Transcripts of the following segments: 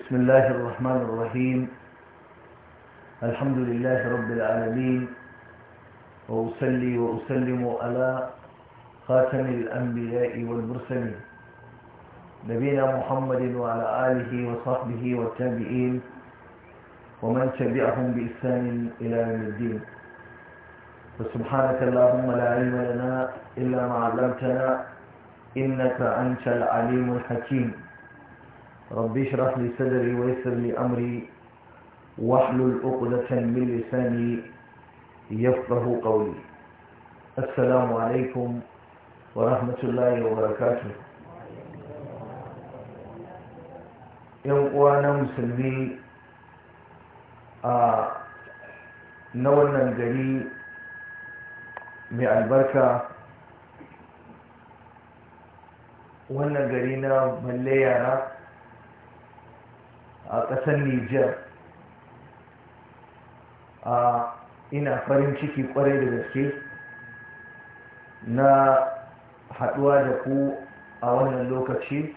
بسم الله الرحمن الرحيم الحمد لله رب العالمين وأصلي وأسلم على خاتم الأنبياء والمرسلين نبينا محمد وعلى آله وصحبه والتابعين ومن تبعهم بإحسان إلى يوم الدين وسبحانك اللهم لا علم لنا إلا ما علمتنا إنك أنت العليم الحكيم رب اشرح لي صدري ويسر لي أمري واحلل عقدة من لساني يفقه قولي السلام عليكم ورحمة الله وبركاته يوم وانا مسلمي a na wannan gari mai albarka wannan gari na balle yara a ƙasar niger a ina farin ciki kwarai da gaske na haɗuwa da ku a wannan lokaci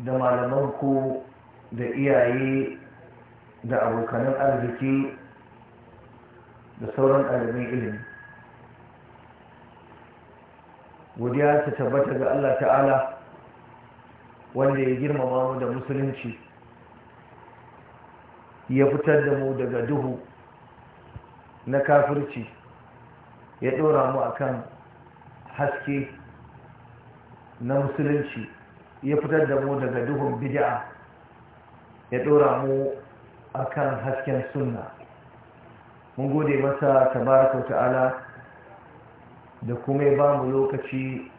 da malamanku da iyaye da abokanan arziki da sauran ɗalibin ilimi godiya ta tabbata ga allah ta'ala wanda ya girmama mu da musulunci ya fitar da mu daga duhu na kafirci ya ɗora mu akan haske na musulunci ya fitar da mu daga duhun bid'a ya ɗora mu akan hasken sunna mun gode masa tabaraka ta'ala da kuma ya ba mu lokaci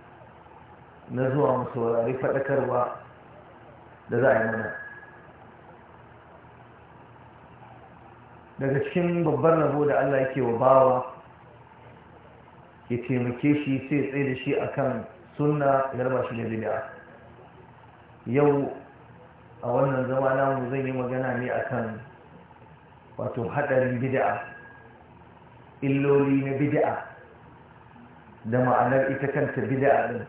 na zuwa mu saurari faɗakarwa da za a yi mana daga cikin babbar rabo da Allah yake wa bawa ke taimake shi sai tsaye da shi akan sunna ya raba shi da bid'a yau a wannan zama namu zan yi magana ne akan wato haɗarin bid'a illoli na bid'a da ma'anar ita kanta bid'a ɗin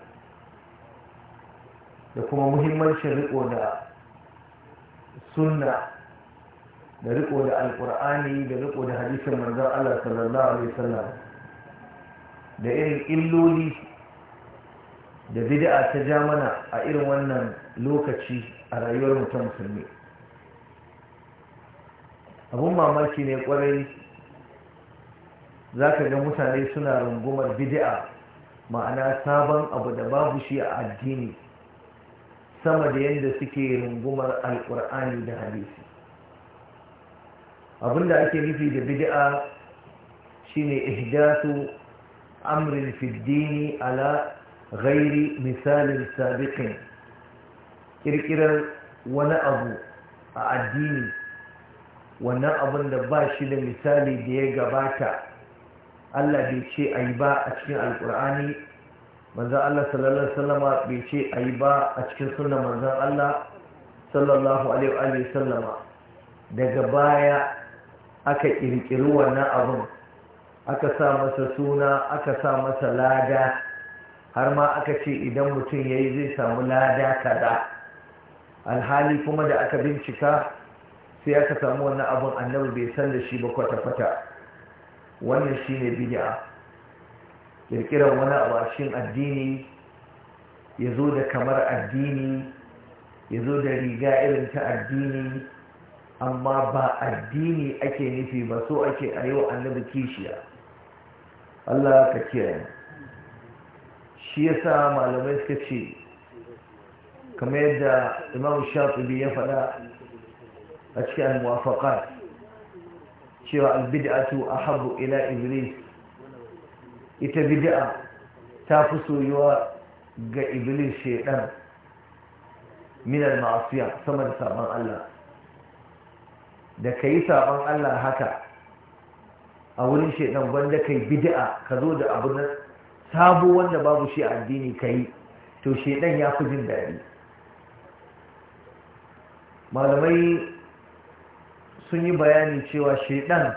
da kuma muhimmancin riko da sunna da riko da alkur'ani da riko da hadisin manzan Allah sallallahu alaihi wasallam da irin illoli da bid'a ta jamana a irin wannan lokaci a rayuwar mutum musulmi abun mamaki ne kwarai za ka ga mutane suna rungumar bid'a ma'ana sabon abu da babu shi a addini sama da yadda suke rungumar alkur'ani da hadisi abinda ake nufi da bid'a shine ihdathu amrin fi dini ala ghairi misalin sabiqin kirkirar wani abu a addini wannan abin da ba shi da misali da ya gabata Allah bai ce a yi ba a cikin alkur'ani manzan Allah sallallahu Alaihi bai ce a yi ba a cikin sunan manzan Allah sallallahu Alaihi daga baya aka ƙirƙiri wannan abin aka sa masa suna aka sa masa lada har ma aka ce idan mutum ya yi zai samu lada kaza alhali kuma da aka bincika sai aka samu wannan abin annabi bai san da shi ba kwata-kwata wannan shi ne bid'a kirkirar wani abu a cikin addini ya zo da kamar addini ya zo da riga irin ta addini amma ba addini ake nufi ba so ake a yau annabi kishiya Allah ka kiyaye shi ya sa malamai suka ce kamar yadda imam shafi ya faɗa a cikin muwafaqat cewa albid'atu Habu ila iblis ita bid'a ta fi soyuwa ga iblis shaidan minar ma'asiya sama da sabon Allah da ka yi sabon Allah haka a wurin shaidan wanda ka kai bid'a ka zo da abu na sabo wanda babu shi a addini ka yi to shaidan ya fi jin daɗi malamai sun yi bayani cewa shaidan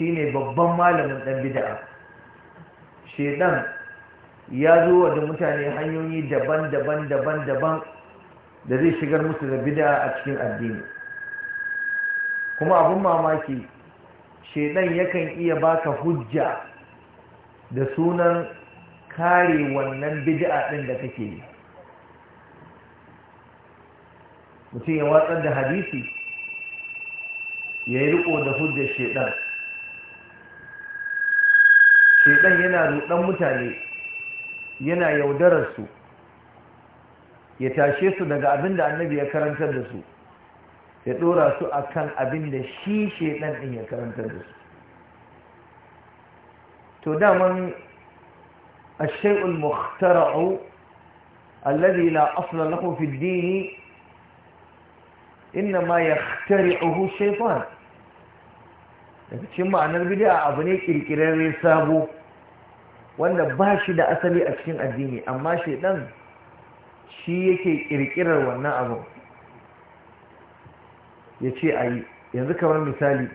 ne babban malamin ɗan bid'a shedan ya zo wa da mutane hanyoyi daban-daban daban-daban da zai shigar musu da bida a cikin addini kuma abun mamaki shedan yakan iya baka hujja da sunan kare wannan bid'a din da kake yi mutum ya watsar da hadisi ya yi riko da hujjar shedan shaidan yana rudan mutane yana yaudararsu ya tashe su daga abin da annabi ya karantar da su ya dora su a kan abin da shi shaidan din ya karantar da su to daman ashe'ul muhtara'u allazi la asla lahu fi dini inma yakhtari'uhu shaytan yake cin ma'anar bid'a abu ne kirkirarren sabo wanda ba shi da asali a cikin addini amma shaidan shi yake kirkirar wannan abin ya ce a yi yanzu kamar misali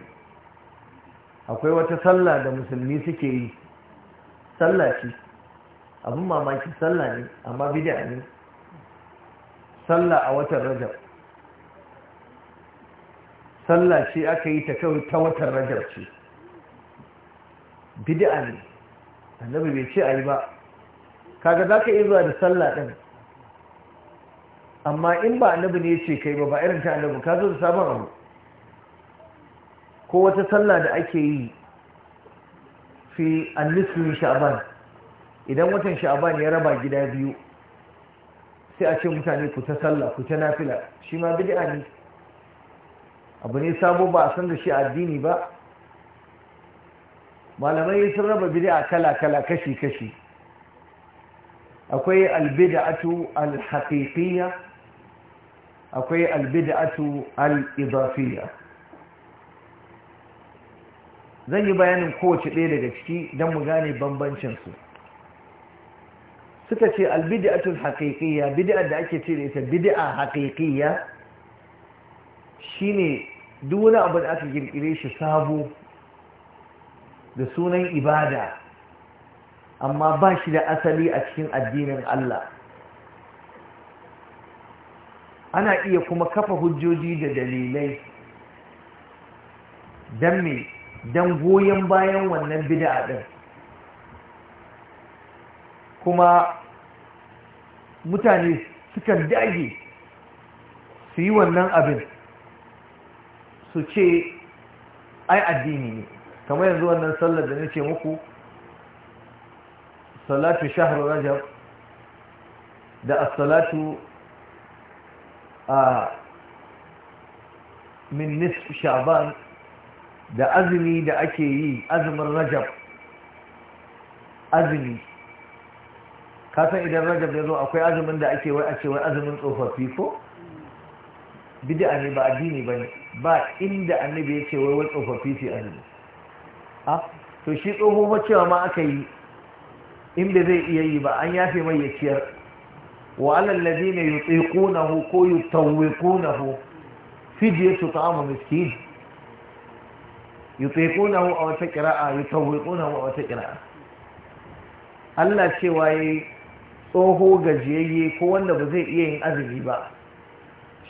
akwai wata sallah da musulmi suke yi sallah ce abin mamaki sallah ne amma bid'a ne sallah a watan rajab sallah ce aka yi ta kawai ta watan rajab ce bid'a ne annabi bai ce a yi ba kaga za ka iya zuwa da sallah ɗin amma in ba annabi ne ya ce kai ba ba irin ta annabi ka zo da sabon abu ko wata sallah da ake yi fi annisu sha'aban idan watan sha'aban ya raba gida biyu sai a ce mutane ku ta sallah ku ta nafila shi ma bidi'a ne abu ne sabo ba a san da shi addini ba malamai sun raba bid'a kala-kala kashi-kashi akwai albid'atu alhaqiqiyya akwai albid'atu alidafiyya zan yi bayanin kowace ɗaya daga ciki don mu gane bambancin su suka ce albid'atu alhaqiqiyya bid'a da ake ce da ita bid'a haqiqiyya shine duk wani abu da aka ƙirƙire shi sabo da sunan ibada amma ba shi da asali a cikin addinin Allah ana iya kuma kafa hujjoji da dalilai don me don goyon bayan wannan bid'a din kuma mutane sukan dage su yi wannan abin su ce ai addini ne kamar yanzu wannan sallar da nake muku salatu shahru rajab da as-salatu a min nisf sha'ban da azumi da ake yi azumin rajab azumi kasan idan rajab ya zo akwai azumin da ake wai a ce wai azumin tsofaffi ko bid'a ne ba addini bane ba inda annabi ya ce wai wai tsofaffi su azumi a to shi tsoho cewa ma aka yi inda zai iya yi ba an yafe mai ya ciyar wa alallazi ne yi tsekunahu ko yi tawekunahu fijiye su ta'amu miskin yi tsekunahu a wata kira'a yi tawekunahu a wata kira'a Allah cewa waye tsoho gajiyayye ko wanda ba zai iya yin azumi ba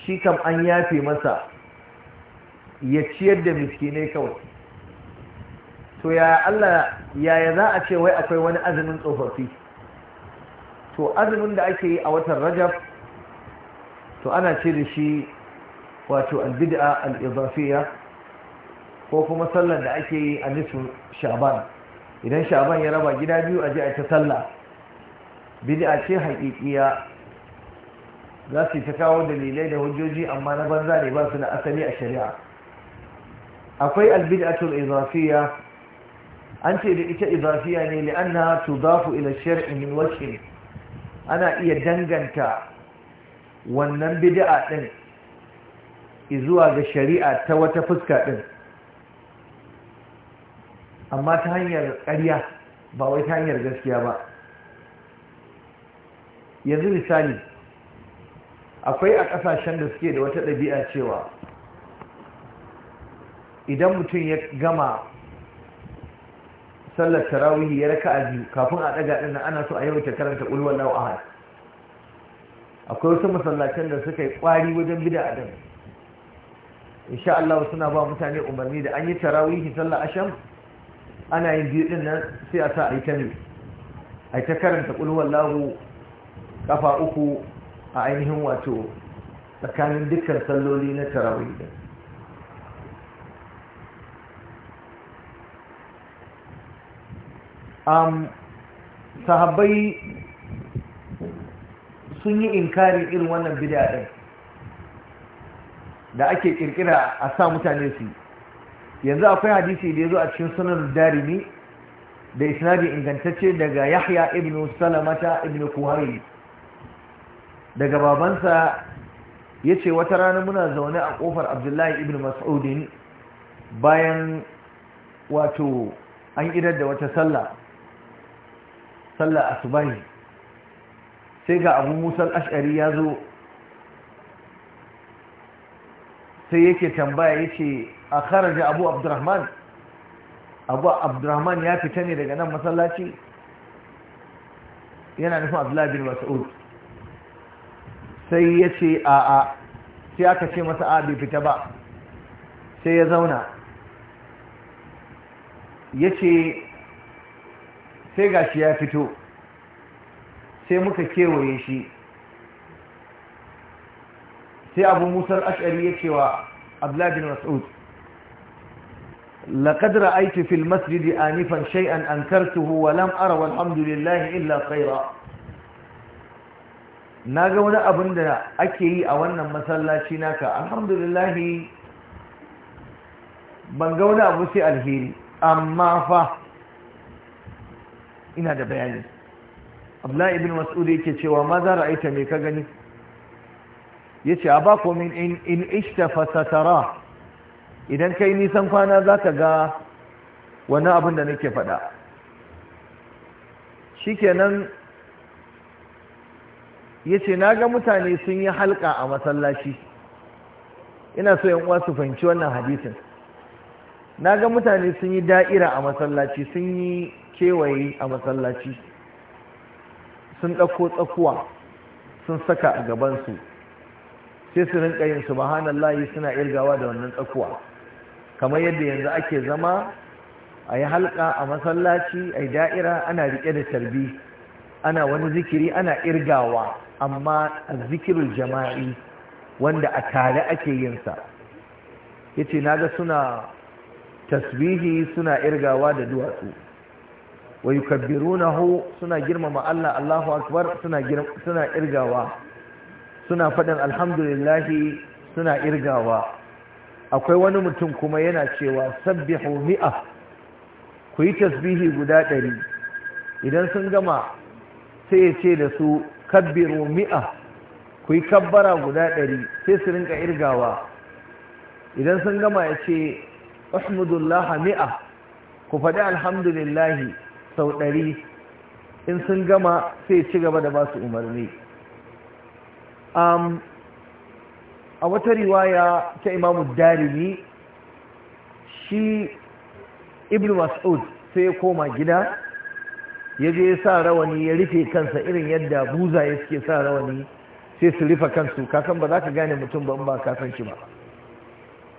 shi kam an yafe masa ya ciyar da miskinai kawai to ya Allah yaya za a ce wai akwai wani azumin tsofaffi to azumin da ake yi a watan rajab to ana ce da shi wato albid'a al'izafiyya ko kuma sallar da ake yi a nisfin shaban idan shaban ya raba gida biyu a je a ta sallah bid'a ce haƙiƙiya za su ta kawo dalilai da hujjoji amma na banza ne ba su na asali a shari'a akwai albid'atul izafiyya an ce da ita izafiya ne li'anna tudafu ila shar'i min wajhin ana iya danganta wannan bid'a din zuwa ga shari'a ta wata fuska din amma ta hanyar ƙarya ba wai ta hanyar gaskiya ba yanzu misali akwai a ƙasashen da suke da wata ɗabi'a cewa idan mutum ya gama sallar tarawih ya raka a biyu kafin a ɗaga ɗin ana so a ta karanta ulwar lau ahad akwai wasu masallacin da suka yi kwari wajen bida a ɗin insha Allah suna ba mutane umarni da an yi tarawihi sallar asham ana yin biyu ɗin nan sai a sa a yi ta ne a yi ta karanta ulwar lahu kafa uku a ainihin wato tsakanin dukkan salloli na tarawih um, sahabbai sun yi inkari irin wannan bidiyar da ake kirkira a sa mutane su yanzu akwai hadisi da ya zo a cikin sunan darimi da isnadi ingantacce daga yahya ibn salamata ibn kuhari daga babansa ya ce wata rana muna zaune a kofar abdullahi ibn mas'udin bayan wato an idar da wata sallah sallar asubahi sai ga abu musan ash'ari ya zo sai yake tambaya yace a kharaja abu abdurrahman abu abdurrahman ya fita ne daga nan masallaci yana nufin abdullahi wasu mas'ud sai yace a a sai aka ce masa a bai fita ba sai ya zauna yace sai gashi ya fito sai muka kewaye shi sai abu musar ash'ari ya cewa abdullahi fil mas'ud a nifan shay'an an آنفا شيئا lam ara wa alhamdulillah illa إلا Na ga wani abin da ake yi a wannan masallaci naka alhamdulillah ban ga wani abu sai alheri amma fa ina da bayani abdullahi ibn mas'ud yake cewa ma za ra'aita me ka gani yace ko min in in ishta satara idan kai nisan kwana zaka ga wani abin da nake faɗa shikenan yace naga mutane sun yi halka a masallaci ina so yan uwa su fahimci wannan hadisin naga mutane sun yi da'ira a masallaci sun yi kewaye a masallaci sun ɗauko tsakuwa sun saka a gabansu sai su rinƙa yin subhanallahi suna irgawa da wannan tsakuwa kamar yadda yanzu ake zama a yi halka a masallaci a da'ira ana riƙe da tarbi ana wani zikiri ana irgawa amma a zikirin jama'i wanda a tare ake yinsa ya ce na ga suna tasbihi suna irgawa da duwatsu wa yukabbirunahu suna girmama Allah Allahu akbar suna suna irgawa suna faɗin alhamdulillahi suna irgawa akwai wani mutum kuma yana cewa sabbihu mi'a ku yi tasbihi guda ɗari idan sun gama sai ya ce da su kabbiru mi'a ku yi kabbara guda ɗari sai su rinka irgawa idan sun gama ya ce mi'a ku faɗi alhamdulillahi sau ɗari in sun gama sai ci gaba da ba su umarni a wata riwaya ta imamu darimi shi ibn mas'ud sai ya koma gida ya je sa rawani ya rufe kansa irin yadda buza ya suke sa rawani sai su rufe kansu kasan ba za ka gane mutum ba ba kasan shi ba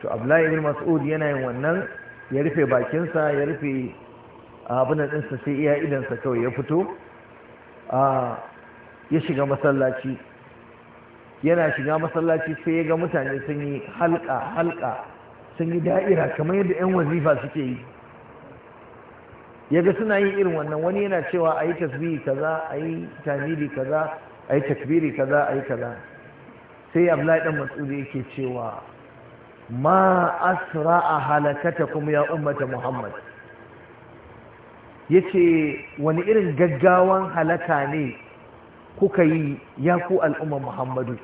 to abdullahi ibn mas'ud yana yin wannan ya rufe bakinsa ya rufe abin ɗinsa sai iya idansa kawai ya fito ya shiga masallaci yana shiga masallaci sai ya ga mutane sun yi halka halka sun yi da'ira kamar yadda 'yan wazifa suke yi ya ga suna yin irin wannan wani yana cewa a yi tasbihi kaza a yi tamiri kaza a yi takbiri kaza a yi kaza sai abdullahi dan mas'udi yake cewa ma asra'a a halakata kuma ya ummata muhammad ya ce wani irin gaggawan halata ne kuka yi ya ku al'umma muhammadu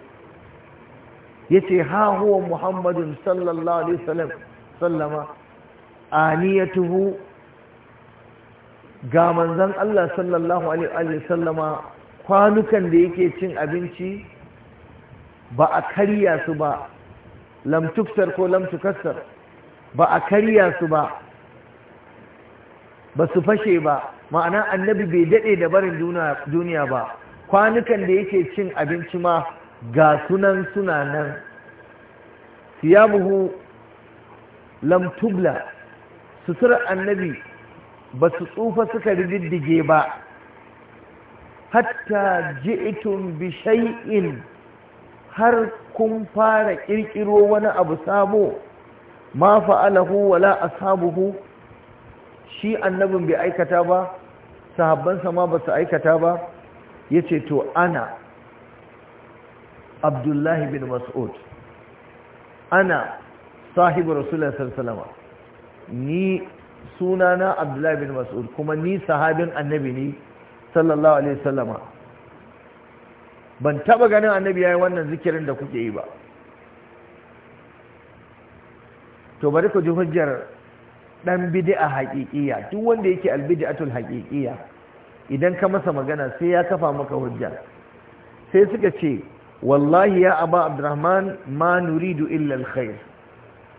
ya ce ha huwa muhammadun sallallahu alaihi wasallam sallama aniyatuhu ga manzan Allah sallallahu alaihi sallama kwanukan da yake cin abinci ba a karya su ba lamtuktar ko lamtukassar ba a karya su ba ba su fashe ba ma'ana annabi bai daɗe da barin duniya ba kwanukan da yake cin abinci ma ga sunan suna nan siyamuhu lam tubla sutura annabi ba su tsufa suka riddige ba hatta ji'tum bi shay'in har kun fara kirkiro wani abu sabo ma fa'alahu wala ashabuhu shi annabin bai aikata ba sahabbansa ma ba su aikata ba ya ce to ana abdullahi bin mas'ud ana sahibu rasulun sarsalama ni sunana abdullahi bin mas'ud kuma ni sahabin annabi ne sallallahu alaihi wasallama ban taba ganin annabi yi wannan zikirin da kuke yi ba to bari ku ji hujjar dan bid'a haƙiƙiya duk wanda yake albid'atul haƙiƙiya idan ka masa magana sai ya kafa maka hujja sai suka ce wallahi ya abu abdurrahman ma nuridu illa alkhair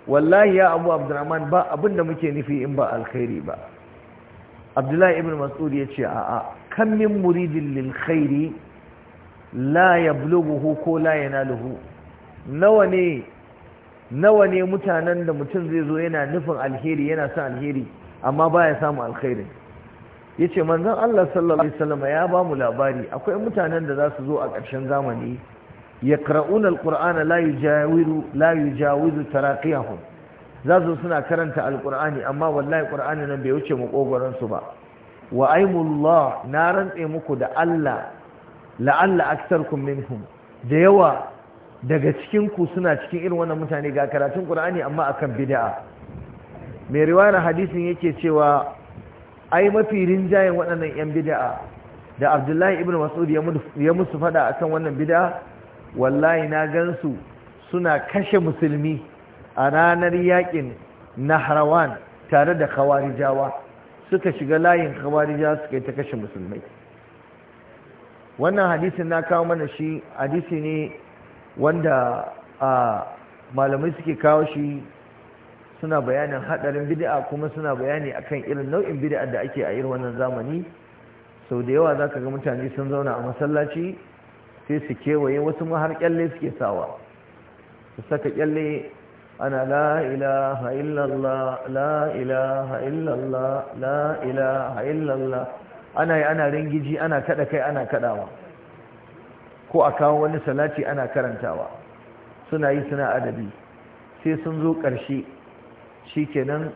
wallahi ya abu abdurrahman ba abinda muke nufi in ba alkhairi ba abdullahi ibn mas'ud ya ce a'a kam min muridin lil khairi la yablughu ko la yanaluhu nawa ne nawa ne mutanen da mutum zai zo yana nufin alheri yana son alheri amma baya samu Ya ce, manzan Allah sallallahu alaihi wasallam ya ba mu labari akwai mutanen da za su zo a ƙarshen zamani ya alqur'ana la layu jawizu tarakiyahun za su suna karanta Alƙur'ani, amma wallahi ƙur'ani nan bai wuce mu ba wa aimullah na rantse muku da Allah la'alla kun minhum da yawa daga cikin ku suna cikin irin wannan mutane ga karatun Qur'ani amma akan bid'a mai riwayar hadisin yake cewa ai mafi rinjayen waɗannan yan bid'a da Abdullahi ibn Mas'ud ya musu fada akan wannan bid'a wallahi na gansu suna kashe musulmi a ranar yakin Nahrawan tare da Khawarijawa suka shiga layin Khawarijawa suka yi ta kashe musulmai wannan hadisin na kawo mana shi hadisi ne wanda a malamai suke kawo shi suna bayanin hadarin bid'a kuma suna bayani akan irin nau'in bid'a da ake a irin wannan zamani sau da yawa za ka ga mutane sun zauna a masallaci sai su kewaye wasu ma har kyalle suke sawa su saka kyalle ana la ilaha illallah la ilaha illallah la ilaha illallah ana yi ana ringiji ana kaɗa kai ana kaɗawa. ko a kawo wani salati ana karantawa suna yi suna adabi sai sun zo ƙarshe shi kenan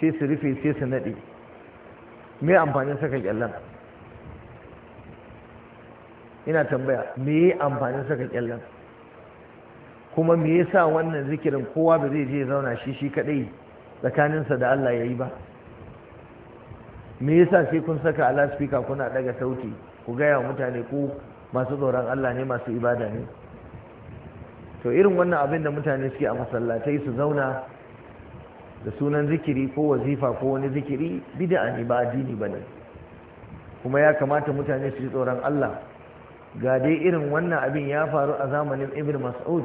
sai su rufe sai su naɗe mai amfanin saka ƙyallon ina tambaya me amfanin saka ƙyallon kuma me sa wannan zikirin kowa ba zai je zauna shi shi kaɗai tsakaninsa da Allah ya yi ba me sa sai kun saka alasfika kuna ɗaga sauti ku gaya mutane ko masu tsoron Allah ne masu ibada ne to irin wannan abin da mutane suke a masallatai su zauna da sunan zikiri ko wazifa ko wani zikiri bid'a ne ba addini bane kuma ya kamata mutane su ji tsoron Allah ga dai irin wannan abin ya faru a zamanin Ibn Mas'ud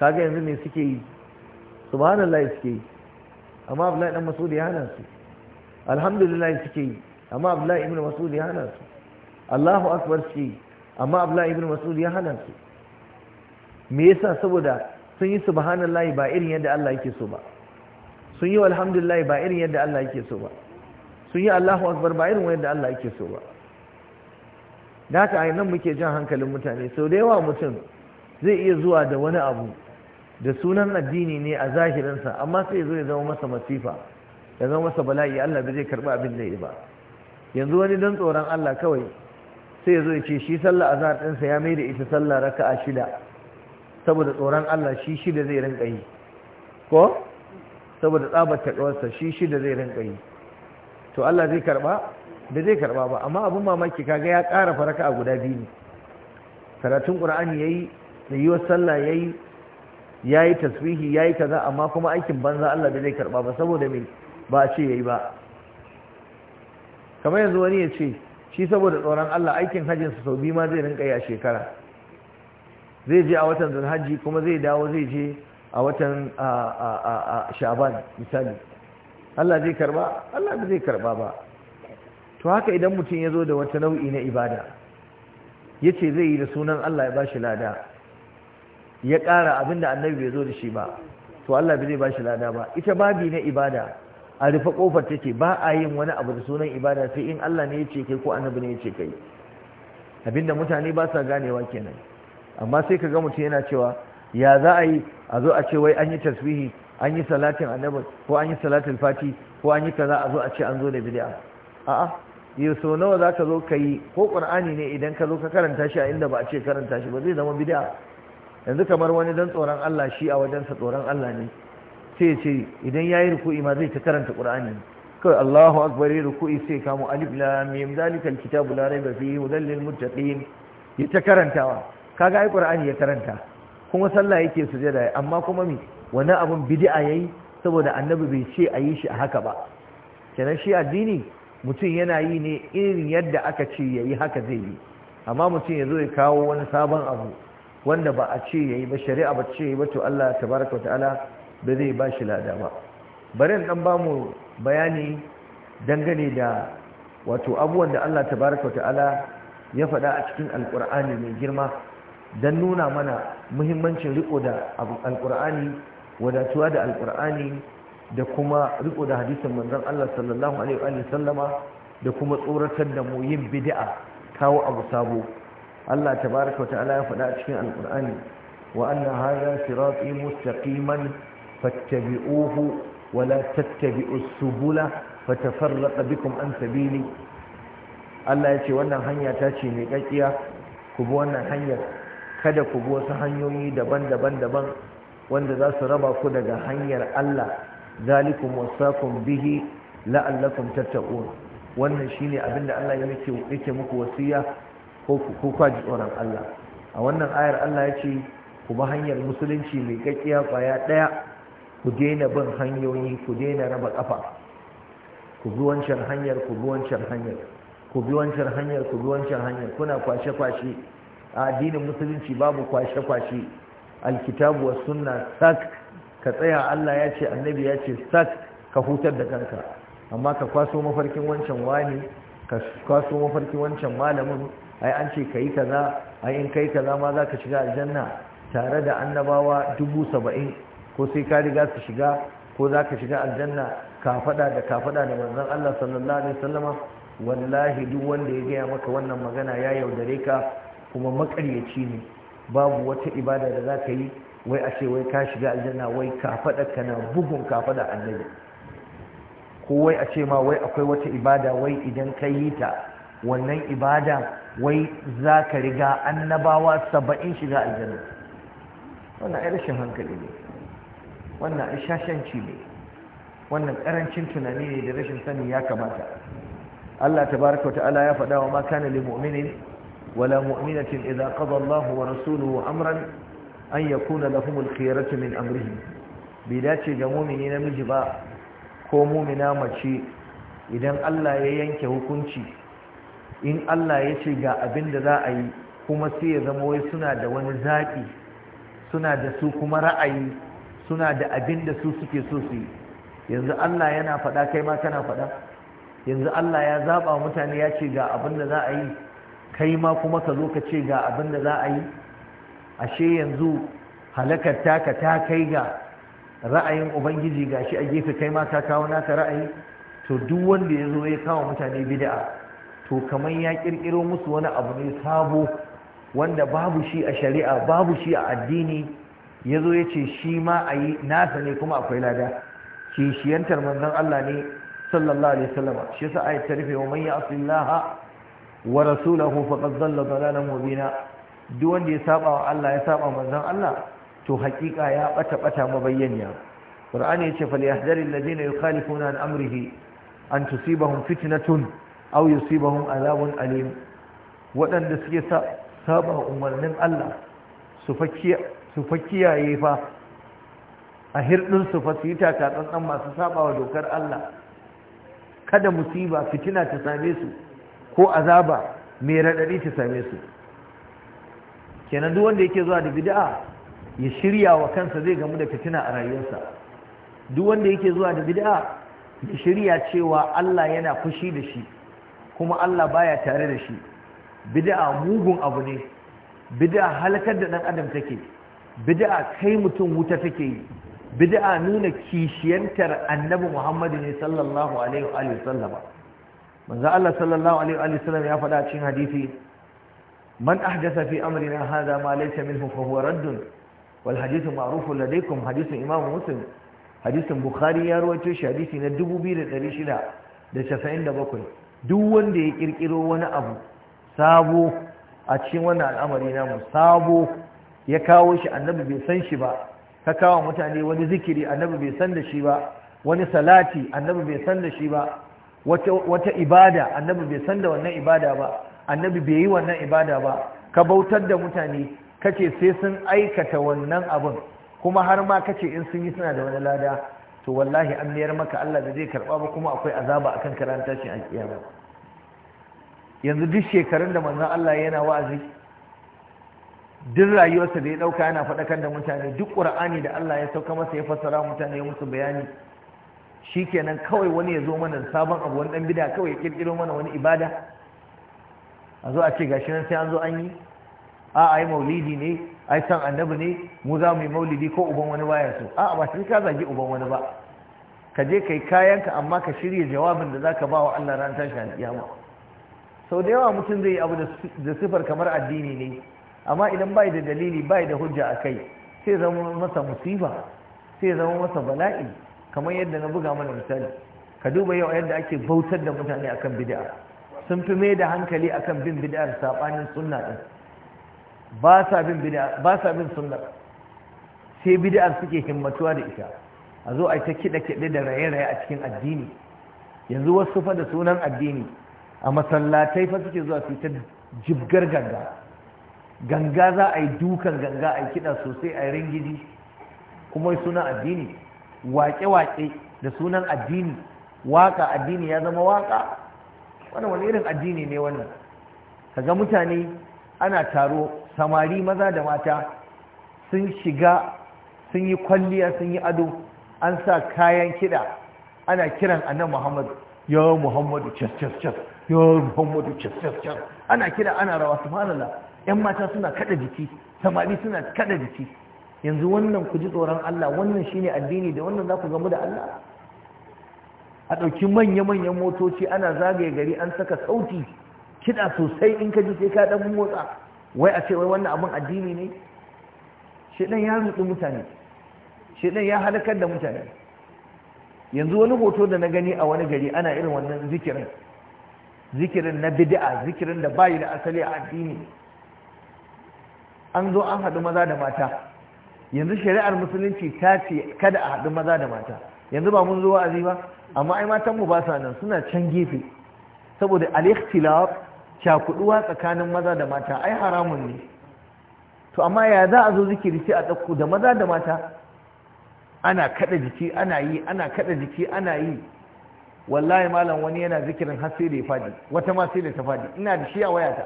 kaga yanzu ne suke yi subhanallah suke yi amma Abdullahi ibn Mas'ud ya hana su alhamdulillah suke yi amma Abdullahi ibn Mas'ud ya hana su Allahu akbar suke yi amma abdullahi ibn mas'ud ya hana su me yasa saboda sun yi subhanallahi ba irin yadda Allah yake so ba sun yi alhamdulillah ba irin yadda Allah yake so ba sun yi Allahu akbar ba irin yadda Allah yake so ba da haka ai nan muke jan hankalin mutane sau da yawa mutum zai iya zuwa da wani abu da sunan addini ne a zahirinsa amma sai zo ya zama masa masifa ya zama masa bala'i Allah ba zai karɓi abin da ya ba yanzu wani don tsoron Allah kawai sai ya zo ya ce shi sallah azhar ɗinsa ya mai da ita sallah raka'a shida saboda tsoron Allah shi shida zai rinka yi ko saboda tsabar taƙawarsa shi shida zai rinka yi to Allah zai karɓa da zai karɓa ba amma abin mamaki kaga ya ƙara faraka a guda biyu ne karatun qur'ani ya yi da yiwuwar sallah ya yi ya yi ya yi kaza amma kuma aikin banza Allah da zai karɓa ba saboda me ba a ce ya yi ba kamar yanzu wani ya ce shi saboda tsoron Allah aikin hajjin su sau biyu ma zai rinka yi a shekara zai je a watan zulhajji kuma zai dawo zai je a watan shaban misali Allah zai karba Allah ba zai karba ba to haka idan mutum ya zo da wata nau'i na ibada ya ce zai yi da sunan Allah ya ba shi lada ya ƙara abinda annabi bai zo da shi ba to Allah bai zai ba shi lada ba ita babi na ibada a rufe kofar take ba a yin wani abu da sunan ibada sai in Allah ne ya ce kai ko annabi ne ya ce kai abinda mutane ba sa ganewa kenan amma sai ka ga mutum yana cewa ya za a yi a zo a ce wai an yi tasbihi an yi salatin annabi ko an yi salatin fati ko an yi kaza a zo a ce an zo da bid'a a'a yau so nawa za ka zo ka yi ko ƙur'ani ne idan ka zo ka karanta shi a inda ba a ce karanta shi ba zai zama bid'a yanzu kamar wani dan tsoron Allah shi a wajensa tsoron Allah ne sai ce idan yayi ruku'i ma zai ta karanta qur'ani kawai Allahu akbar ruku'i sai kamo alif lam mim zalikal kitabu la raiba fihi hudan lil ya ta karantawa kaga ai qur'ani ya karanta kuma sallah yake sujada amma kuma mi wani abun bidi'a yayi saboda annabi bai ce a yi shi a haka ba kenan shi addini mutum yana yi ne irin yadda aka ce ya yi haka zai yi amma mutum ya zo ya kawo wani sabon abu wanda ba a ce ya yi ba shari'a ba ce ya yi ba to Allah tabaraka wa ta'ala ba zai ba shi lada ba barin ɗan ba mu bayani dangane da wato abubuwan da Allah tabaraka ta'ala ya faɗa a cikin Alƙur'ani mai girma don nuna mana muhimmancin riko da Alƙur'ani, wadatuwa da Alƙur'ani, da kuma riko da hadisin manzon Allah sallallahu alaihi sallama da kuma tsoratar da mu yin bid'a kawo abu sabo Allah tabaraka ta'ala ya faɗa a cikin alkur'ani wa anna hadha sirati mustaqiman fattabi'uhu wala tattabi'us subula fatafarraqa bikum an sabili Allah ya ce wannan hanya ta ce mai kakkiya ku bi wannan hanyar kada ku bi wasu hanyoyi daban-daban daban wanda za su raba ku daga hanyar Allah zalikum wasaqum bihi la'allakum tattaqun wannan shine abinda Allah yake yake muku wasiya ko ku kwaji tsoron Allah a wannan ayar Allah ya ce ku bi hanyar musulunci mai kakkiya kwaya daya ku daina bin hanyoyi ku daina raba kafa ku bi wancan hanyar ku bi wancan hanyar ku bi wancan hanyar ku bi wancan hanyar kuna kwashe kwashe a addinin musulunci babu kwashe kwashe alkitabu wa sunna sak ka tsaya Allah ya ce annabi ya ce sak ka hutar da kanka amma ka kwaso mafarkin wancan wani ka kwaso mafarkin wancan malamin ai an ce kai kaza ai in kai kaza ma zaka shiga aljanna tare da annabawa dubu saba'in ko sai ka riga su shiga ko za ka shiga aljanna ka faɗa da ka faɗa da manzon Allah sallallahu alaihi wasallama wallahi duk wanda ya gaya maka wannan magana ya yaudare ka kuma makaryaci ne babu wata ibada da za ka yi wai a ce wai ka shiga aljanna wai ka faɗa kana bugun ka faɗa annabi ko wai a ce ma wai akwai wata ibada wai idan ka yi ta wannan ibada wai za ka riga annabawa saba'in shiga aljanna wannan ai rashin hankali ne wannan ishashanci ne wannan karancin tunani ne da rashin sani ya kamata Allah tabaraka wata'ala ya faɗa wa ma limominin, lil mu'minin wala mu'minatin idza qada Allahu wa rasuluhu amran an yakuna lahum khiyaratu min amrihim bai dace ga mu'mini namiji ba ko mu'mina mace idan Allah ya yanke hukunci in Allah ya ce ga abin da za a yi kuma sai ya zama wai suna da wani zaƙi suna da su kuma ra'ayi suna da abin da su suke so su yi yanzu Allah yana faɗa kai ma kana faɗa yanzu Allah ya zaɓa mutane ya ce ga abin da za a yi kai ma kuma ka zo ka ce ga abin da za a yi ashe yanzu halakar taka ta kai ga ra'ayin ubangiji ga shi a gefe kai ma ta kawo naka ra'ayi to duk wanda ya zo ya kawo mutane bid'a to kamar ya kirkiro musu wani abu ne sabo wanda babu shi a shari'a babu shi a addini ya zo ya ce shi ma a yi nasa ne kuma akwai lada kishiyantar manzan Allah ne sallallahu alaihi wasallam shi yasa ayat ta rufe wa man ya'sillaha wa rasulahu faqad dhalla dhalalan mubina duk wanda ya saba wa Allah ya saba manzan Allah to hakika ya bata bata mabayyaniya qur'ani yace falyahdari alladhina yukhalifuna an amrihi an tusibahum fitnatun aw yusibahum adhabun alim waɗanda suke saba umarnin Allah su fakiya su fa kiyaye fa a hirɗin su fa su yi takatsantsan masu sabawa dokar Allah kada musiba fitina ta same su ko azaba mai raɗaɗi ta same su kenan duk wanda yake zuwa da bid'a ya shirya wa kansa zai gamu da fitina a rayuwarsa duk wanda yake zuwa da bid'a ya shirya cewa Allah yana fushi da shi kuma Allah baya tare da shi bid'a mugun abu ne bid'a halakar da ɗan adam take bid'a kai mutum wuta take yi bid'a nuna kishiyantar annabi Muhammad ne sallallahu alaihi wa sallam manzo Allah sallallahu alaihi wa sallam ya faɗa cikin hadisi man ahdasa fi amrina hadha ma laysa minhu fa huwa radd wal hadithu ma'rufun ladaykum hadithu imam muslim hadisin bukhari ya rawaito shi hadisi na 2697 duk wanda ya kirkiro wani abu sabo a cikin wannan al'amari namu sabo ya kawo shi annabi bai san shi ba ka kawo mutane wani zikiri annabi bai san da shi ba wani salati annabi bai san da shi ba wata ibada annabi bai san da wannan ibada ba annabi bai yi wannan ibada ba ka bautar da mutane kace sai sun aikata wannan abin kuma har ma kace in sun yi suna da wani lada to wallahi an mayar maka Allah da zai karba ba kuma akwai azaba akan karanta shi a kiyama yanzu duk shekarun da manzon Allah yana wa'azi Din rayuwarsa da ya ɗauka yana faɗakar da mutane duk ƙur'ani da Allah ya sauka masa ya fassara mutane ya musu bayani shi kenan kawai wani ya zo mana da sabon abu wani ɗan bida kawai ya ƙirƙiro mana wani ibada a zo a ce gashi nan sai an zo an yi a yi maulidi ne ai san annabi ne mu za mu yi maulidi ko uban wani baya so a ba shi ka zagi uban wani ba ka je kai kayanka amma ka shirya jawabin da za ka ba wa Allah ran tashi alƙiyama sau da yawa mutum zai yi abu da sifar kamar addini ne amma idan bai da dalili bai da hujja a kai sai zama masa musifa sai zama masa bala'i kamar yadda na buga mana misali ka duba yau yadda ake bautar da mutane akan bid'a sun fi mai da hankali akan bin bid'ar sabanin sunna din ba sa bin bid'a ba sa bin sunna sai bid'ar suke himmatuwa da ita a zo ai ta kida kiɗe da raye-raye a cikin addini yanzu wasu fa da sunan addini a masallatai fa suke zuwa su ta jibgar ganga ganga za a yi dukan ganga a yi kiɗa sosai a yi gidi kuma sunan addini waƙe-waƙe da sunan addini waƙa addini ya zama waƙa wani wani irin addini ne wannan kaga mutane ana taro samari maza da mata sun shiga sun yi kwalliya sun yi ado an sa kayan kiɗa ana kiran annan muhammadu ya muhammadu cas cas cas ya muhammadu cas cas cas ana kiɗa ana rawa subhanallah 'yan mata suna kada jiki samari suna kada jiki yanzu wannan ku ji tsoron Allah wannan shine addini da wannan za ku gamu da Allah a ɗauki manya-manyan motoci ana zagaye gari an saka sauti kiɗa sosai in ka ji sai ka ɗan motsa wai a ce wai wannan abin addini ne Shi shedan ya rudu mutane shi shedan ya halakar da mutane yanzu wani hoto da na gani a wani gari ana irin wannan zikirin zikirin na bid'a zikirin da bayi da asali a addini an zo an haɗu maza da mata yanzu shari'ar musulunci ta ce kada a haɗu maza da mata yanzu ba mun zo wa'azi ba amma ai matanmu ba sa nan suna can gefe saboda al-ikhtilaf cakuduwa tsakanin maza da mata ai haramun ne to amma ya za a zo zikiri sai a ɗauko da maza da mata ana kada jiki ana yi ana kada jiki ana yi wallahi malam wani yana zikirin har sai da ya fadi wata ma sai da ta fadi ina da shi a wayata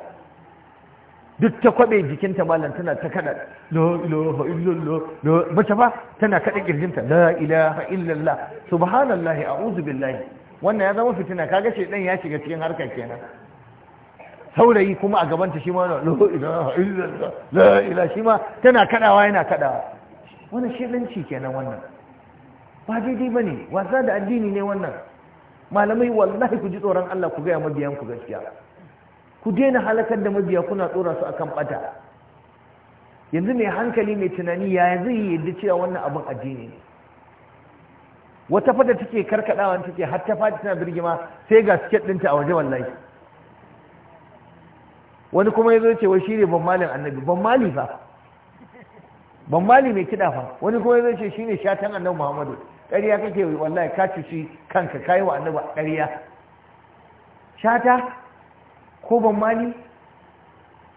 duk ta kwabe jikinta malam tana ta kada la ilaha illallah mace ba tana kada kirjinta la ilaha illallah subhanallahi a'udhu billahi wannan ya zama fitina kaga shedan ya shiga cikin harkar kenan saurayi kuma a gabanta shi ma la ilaha illallah la ilaha shi ma tana kadawa yana kadawa wannan shedanci kenan wannan ba daidai bane wasa da addini ne wannan malamai wallahi ku ji tsoron Allah ku ga mabiyan ku gaskiya ku daina halakar da mabiya kuna tsora su akan bada yanzu mai hankali mai tunani ya zai yi yadda cewa wannan abin addini ne wata fata take karkadawa take har ta fata tana birgima sai ga sket ɗinta a waje wallahi wani kuma ya ce wai shi ne ban malin annabi ban mali fa ban mali mai kiɗa fa wani kuma ya ce shi ne shatan annabi muhammadu ƙarya kake wallahi ka shi kanka kai wa annabi ƙarya shata ko ban mali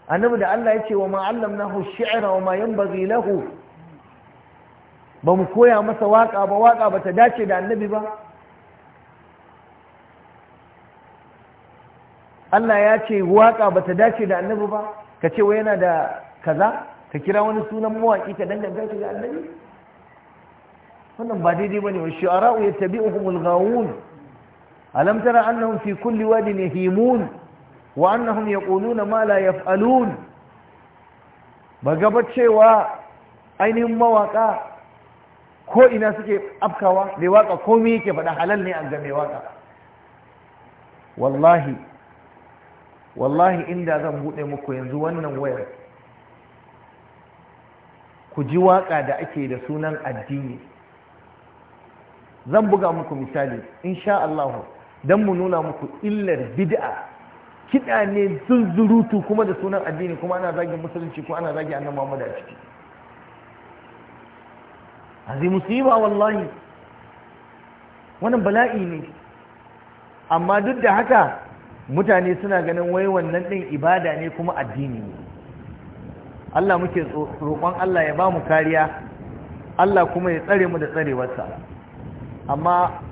annabi da Allah ya ce wa na shi'ra wa ma yanbaghi lahu ba mu koya masa waka ba waka ba ta dace da annabi ba Allah ya ce waka ba ta dace da annabi ba ka ce wa yana da kaza ka kira wani sunan mawaki ka danganta shi da annabi wannan ba daidai bane wa shi'ara'u yattabi'uhumul ghawun alam tara annahum fi kulli wadin yahimun wa annahum yaquluna ma la yaf'alun ba cewa ainihin mawaka ko ina suke afkawa mai waka komai yake faɗa halal ne an game waka wallahi wallahi inda zan buɗe muku yanzu wannan wayar ku ji waka da ake da sunan addini zan buga muku misali insha Allah don mu nuna muku illar bid'a kiɗa ne zunzurutu kuma da sunan addini kuma ana zagin musulunci kuma ana zagin annan muhammadu a ciki azi musiba wallahi wannan bala'i ne amma duk da haka mutane suna ganin wai wannan ɗin ibada ne kuma addini ne Allah muke roƙon Allah ya ba mu kariya Allah kuma ya tsare mu da tsarewarsa amma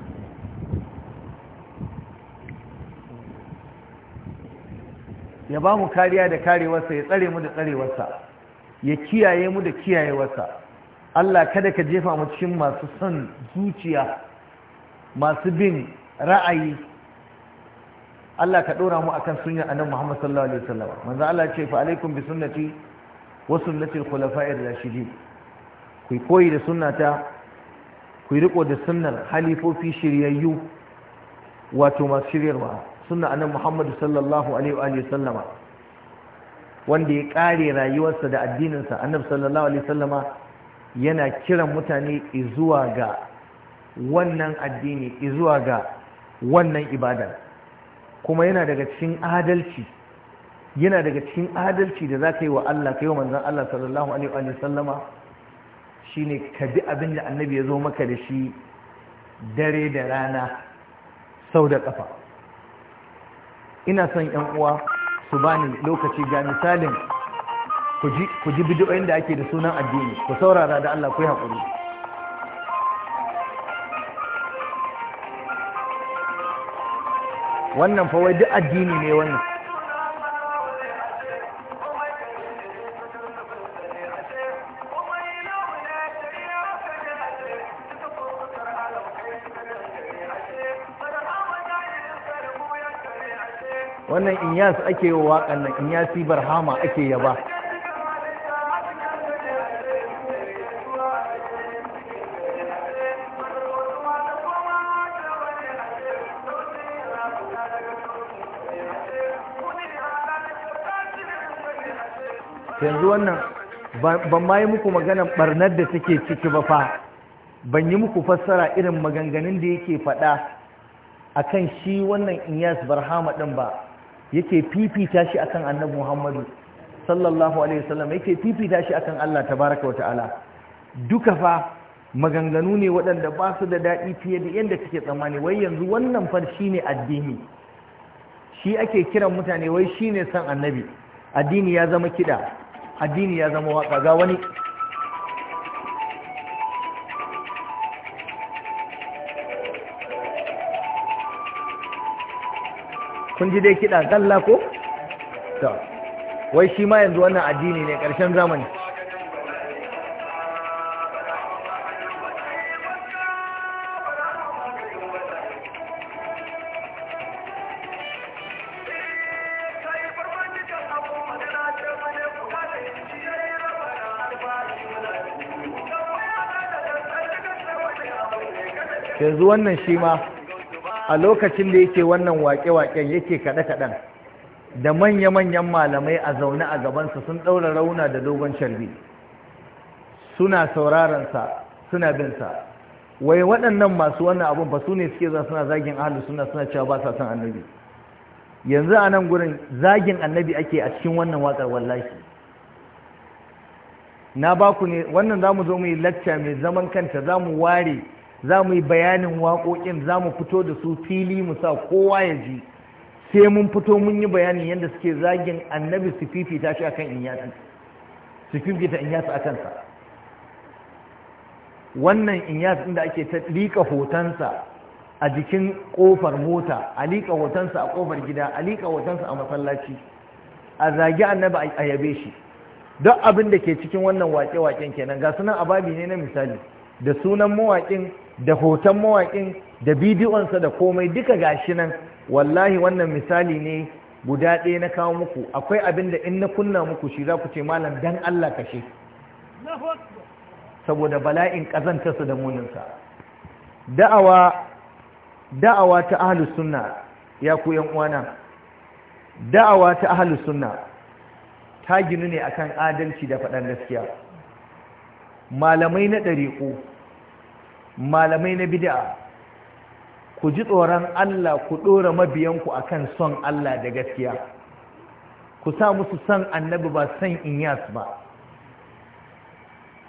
ya ba mu kariya da karewarsa ya tsare mu da tsarewarsa ya kiyaye mu da kiyayewarsa Allah kada ka jefa mu cikin masu son zuciya masu bin ra'ayi Allah ka ɗora mu akan sunnar annabi Muhammad sallallahu alaihi wasallam manzo Allah ce fa alaikum bi sunnati wa sunnati al-khulafa'ir rashidin ku koyi da sunnata ku riko da sunnar halifofi shiryayyu wato masu shiryarwa sunna anan muhammadu sallallahu alaihi wa sallama wanda ya kare rayuwarsa da addininsa annabi sallallahu alaihi sallama yana kiran mutane zuwa ga wannan addini zuwa ga wannan ibada kuma yana daga cikin adalci yana daga cikin adalci da za ka yi wa Allah kai wa manzon Allah sallallahu alaihi wa sallama shine ka bi abin da annabi ya zo maka da shi dare da rana sau da ƙafa ina son yan uwa su bani lokaci ga misalin ku ji bidiyoyin da ake da sunan addini ku saurara da Allah ku yi haƙuri wannan fa wai duk addini ne wannan wannan inyas ake yi waƙan nan inyasi barhama ake yaba yanzu wannan ban ma yi muku maganar ɓarnar da take ciki ba fa ban yi muku fassara irin maganganun da yake faɗa kan shi wannan inyas barhama ɗin ba yake fifita shi akan annabi Muhammadu sallallahu alaihi wasallam yake fifita shi akan Allah tabaraka wa ta'ala duka fa maganganu ne waɗanda ba su da daɗi fiye da yadda kake tsammani wai yanzu wannan far shine addini shi ake kiran mutane wai shine san annabi addini ya zama kiɗa addini ya zama waka ga wani kun ji dai kiɗa ƙalla ko? ta wai shi ma yanzu wannan addini ne ƙarshen zamani yanzu wannan shi ma a lokacin da yake wannan waƙe-waƙen yake kaɗe-kaɗen da manya-manyan malamai a zaune a gabansa sun ɗaura rauna da dogon sharbi suna saurarensa suna binsa wai waɗannan masu wannan abun ba su ne suke za suna zagin ahalu suna suna cewa ba sa son annabi yanzu a nan gurin zagin annabi ake a cikin wannan waƙar wallahi na ba ku ne wannan za mu zo mu yi lacca mai zaman kanta za mu ware za mu yi bayanin waƙoƙin za mu fito da su fili mu sa kowa ya ji sai mun fito mun yi bayanin yadda suke zagin annabi su fifita shi akan inyasa su fifita inyata akan sa wannan inyasa inda ake ta liƙa hotonsa a jikin ƙofar mota a liƙa hotonsa a ƙofar gida a liƙa hotonsa a masallaci a zagi annabi a yabe shi duk abin da ke cikin wannan wake-waken kenan ga sunan ababi ne na misali da sunan mawaƙin da hoton mawaƙin da bidiyonsa da komai duka gashi nan wallahi wannan misali ne guda ɗaya na kawo muku akwai abin da in na kunna muku shi za ku ce malam dan Allah kashe saboda bala'in ƙazantarsa da muninsa da'awa da'awa ta ahlus sunna ya ku yan uwana da'awa ta ahlus sunna ta ginu ne akan adalci da faɗan gaskiya malamai na ɗariƙo malamai na bid'a ku ji tsoron Allah ku dora mabiyanku akan son Allah da gaskiya ku sa musu son annabi ba son inyas ba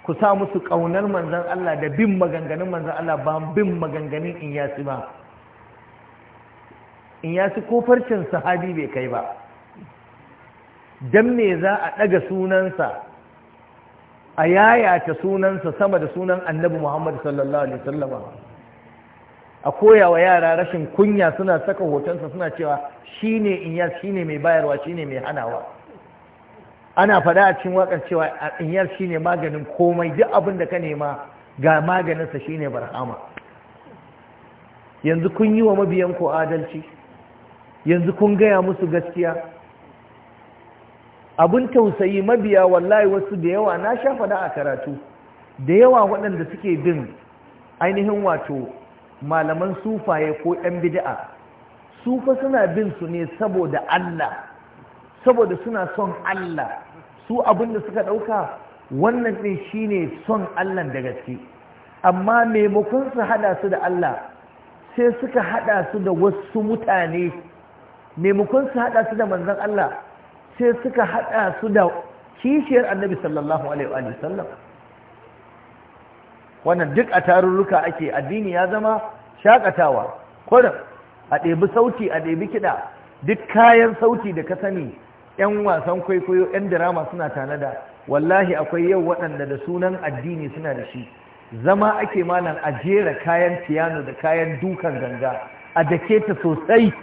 ku sa musu kaunar manzon Allah da bin maganganun manzon Allah ba bin maganganun inyas ba inyas ko farcin sahabi bai kai ba dan me za a daga sunansa a yayata sunansa sama da sunan annabi Muhammad sallallahu alaihi wasallama a koyawa yara rashin kunya suna saka hotonsa suna cewa shine inyar shine mai bayarwa shine mai hanawa ana faɗa a cikin wakar cewa inyar shine maganin komai duk abin da ka nema ga maganinsa shine barhama yanzu kun yi wa mabiyanku adalci yanzu kun gaya musu gaskiya abin tausayi mabiya wallahi wasu da yawa na sha faɗa a karatu da yawa waɗanda suke bin ainihin wato malaman sufaye ko 'yan bida'a Sufa suna bin su ne saboda Allah saboda suna son Allah su abin da suka ɗauka wannan ɗin shine son Allah da gaske amma maimakon su hada su da Allah sai suka hada su da wasu mutane maimakon su haɗa su da manzan Allah sai suka haɗa su da kishiyar annabi sallallahu alaihi sallam wannan duk a tarurruka ake addini ya zama shakatawa kodan a ɗebi sauti a ɗebi kiɗa duk kayan sauti da ka sani 'yan wasan kwaikwayo 'yan drama suna da wallahi akwai yau waɗanda da sunan addini suna da shi zama ake malam a jera kayan tiyano da kayan dukan ganga a dake ta sosai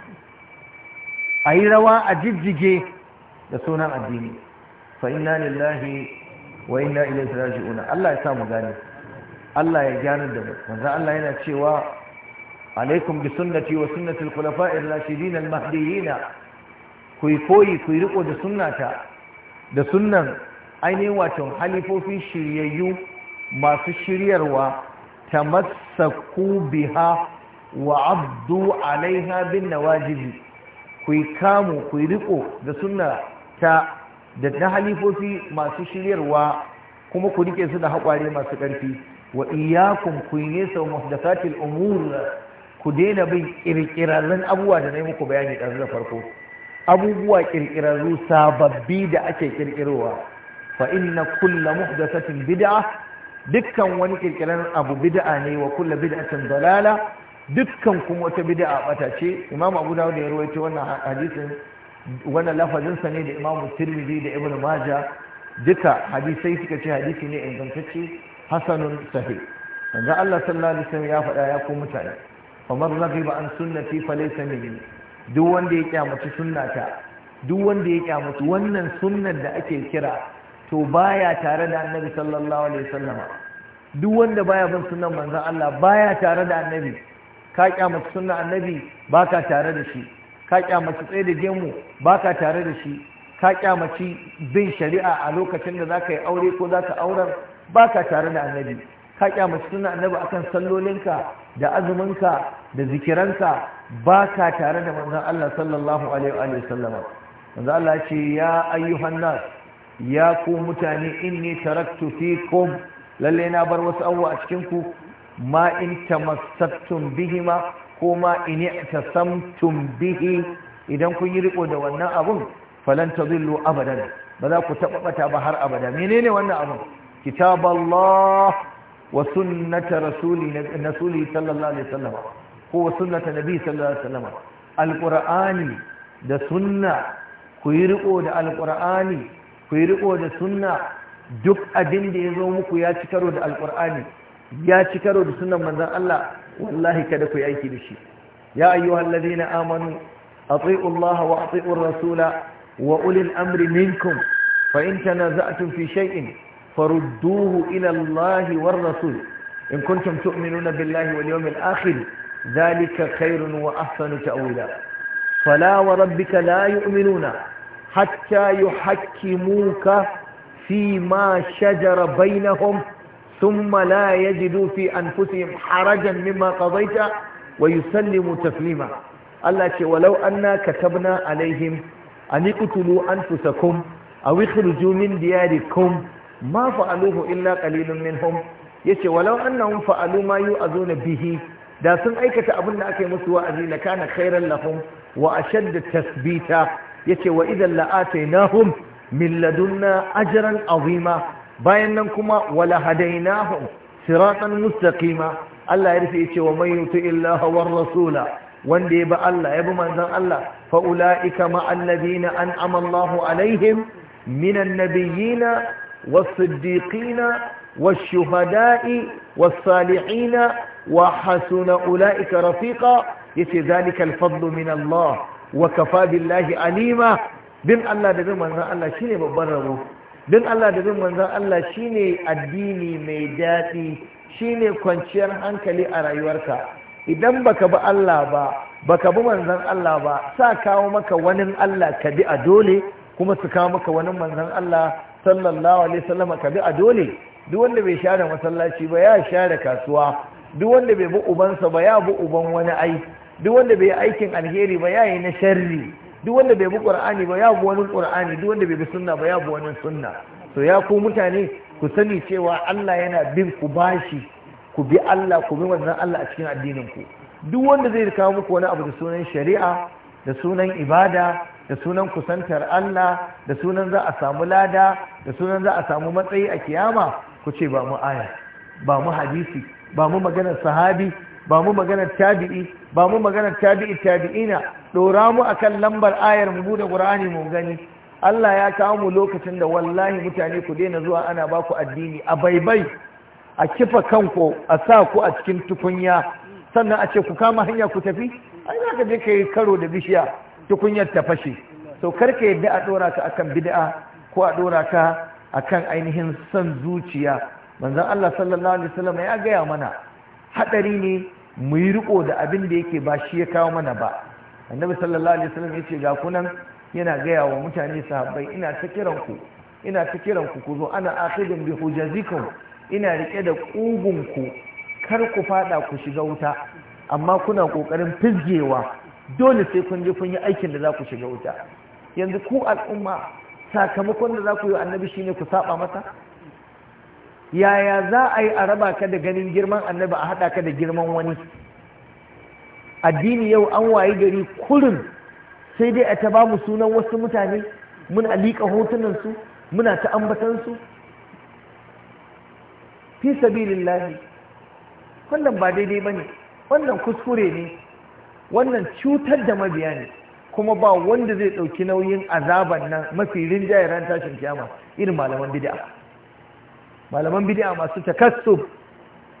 a yi rawa a jijjige da sunan addini fa inna lillahi wa inna ilaihi raji'un Allah ya sa mu gane Allah ya gane da mu manzo Allah yana cewa alaikum bi sunnati wa sunnati al-khulafa'i ar-rashidin al-mahdiyyin ku koyi ku riko da sunnata da sunnan ainihin wato halifofi shiryayyu masu shiryarwa tamassaku biha wa abdu alaiha bin nawajibi ku kamu ku riko da sunna ta da na halifofi masu shiryarwa kuma ku rike su da haƙware masu ƙarfi wa iyakun ku yi nesa wa muhdathatil umur ku daina bin ƙirƙirarren abubuwa da na yi muku bayani ɗazu da farko abubuwa ƙirƙirarru sababbi da ake ƙirƙirowa fa inna kulla muhdasatin bid'a dukkan wani ƙirƙirar abu bid'a ne wa kulla bid'atin dalala dukkan kuma wata bid'a bata ce imamu abu dawud ya rawaito wannan hadisin wannan lafazinsa ne da imamu tirmidhi da ibn maja duka hadisai suka ce hadisi ne ingantacce hasanun Sahi. manzo Allah sallallahu alaihi wasallam ya faɗa ya ku mutane famar raghiba an sunnati falaysa minni duk wanda ya kyamaci sunnata duk wanda ya kyamaci wannan sunnar da ake kira to baya tare da annabi sallallahu alaihi wasallam duk wanda baya bin sunnan manzo Allah baya tare da annabi ka kyamaci sunnar annabi baka tare da shi ka kyamaci tsaye da gemu ba ka tare da shi ka kyamaci bin shari'a a lokacin da za ka yi aure ko za ka auren ba ka tare da annabi ka kyamaci suna annabi akan sallolinka da azuminka da zikiranka ba ka tare da manzan Allah sallallahu alaihi wa sallama Allah ce ya ayyuhan nas ya ku mutane in inni taraktu ko lallai na bar wasu abubuwa a cikin ku ma in tamassattum bihima kuma in i'tasamtum bihi idan kun yi riko da wannan abun falan tadillu abadan ba za ku taba bata ba har abada menene wannan abun kitaballah wa sunnata rasuli suli sallallahu alaihi wasallam ko sunnata nabi sallallahu alaihi wasallam Alƙur'ani da sunna ku yi riko da Alƙur'ani ku yi riko da sunna duk abin da ya zo muku ya ci karo da Alƙur'ani ya ci karo da sunnan manzon Allah والله كذا كوي ايتي دشي يا ايها الذين امنوا اطيعوا الله واطيعوا الرسول واولي الامر منكم فان تنازعتم في شيء فردوه الى الله والرسول ان كنتم تؤمنون بالله واليوم الاخر ذلك خير واحسن تاويلا فلا وربك لا يؤمنون حتى يحكموك فيما شجر بينهم ثم لا يجدوا في أنفسهم حرجا مما قضيت ويسلموا تسليما الله يقول ولو أنا كتبنا عليهم أن يقتلوا أنفسكم أو يخرجوا من دياركم ما فعلوه إلا قليل منهم يقول ولو أنهم فعلوا ما يؤذون به da sun aikata abin da aka yi musu wa'azi la kana khairan lahum wa ashadda tasbita yace wa idan la'atainahum min ladunna ajran azima bayan nan kuma wala hadainahum siratan mustaqima Allah ya rufe ya ce wa man yuti illaha war rasula wanda ya bi Allah ya bi manzon Allah fa ulaika ma alladhina an'ama Allahu alaihim minan nabiyina was-siddiqina والشهداء والصالحين وحسن أولئك رفيقا يتي ذلك الفضل من الله وكفى بالله عليما بن الله بمن الله شنو ببرره Dun Allah da bin manzan Allah shine addini mai daɗi shine kwanciyar hankali a rayuwarka idan baka bi Allah ba baka bi manzan Allah ba sa kawo maka wani Allah ka bi a dole kuma su kawo maka wani manzan Allah sallallahu alaihi wasallam ka bi a dole duk wanda bai share masallaci ba ya share kasuwa duk wanda bai bi ubansa ba ya bi uban wani ai duk wanda bai aikin alheri ba ya yi na sharri duk wanda bai bi qur'ani ba ya bi wani qur'ani duk wanda bai bi sunna ba ya bi wani sunna to ya ku mutane ku sani cewa Allah yana bin ku bashi ku bi Allah ku bi wannan Allah a cikin addinin ku duk wanda zai kawo muku wani abu da sunan shari'a da sunan ibada da sunan kusantar Allah da sunan za a samu lada da sunan za a samu matsayi a kiyama ku ce ba mu aya ba mu hadisi ba mu maganar sahabi ba mu maganar tabi'i ba mu maganar tabi'i tabi'ina dora mu akan lambar ayar mu bude qur'ani mu gani Allah ya kawo mu lokacin da wallahi mutane ku daina zuwa ana ba ku addini a baibai a kifa kanku a sa ku a cikin tukunya sannan a ce ku kama hanya ku tafi ai za ka je ka yi karo da bishiya tukunyar ta fashe to karka yadda a dora ka akan bid'a ko a dora ka akan ainihin son zuciya manzon Allah sallallahu alaihi wasallam ya gaya mana hadari ne mu yi riko da abin da yake ba shi ya kawo mana ba annabi sallallahu alaihi wasallam yace ga kunan yana gaya wa mutane sahabbai ina ta kiran ku ina ta kiran ku ku zo ana akhidun bi hujazikum ina rike da kugun ku kar ku fada ku shiga wuta amma kuna kokarin fizgewa dole sai kun je kun yi aikin da za ku shiga wuta yanzu ku al'umma sakamakon da za ku yi annabi shine ku saba mata. yaya za a yi a raba ka da ganin girman annabi a haɗa ka da girman wani addini yau an wayi gari kurin sai dai a ta ba mu sunan wasu mutane muna liƙa hotunansu muna ta ambatansu fi sabilillahi wannan ba daidai ba ne wannan kuskure ne wannan cutar da mabiya ne kuma ba wanda zai ɗauki nauyin azaban nan mafi rinjayen ran tashin kiyama irin malaman bid'a malaman bidiya masu takassu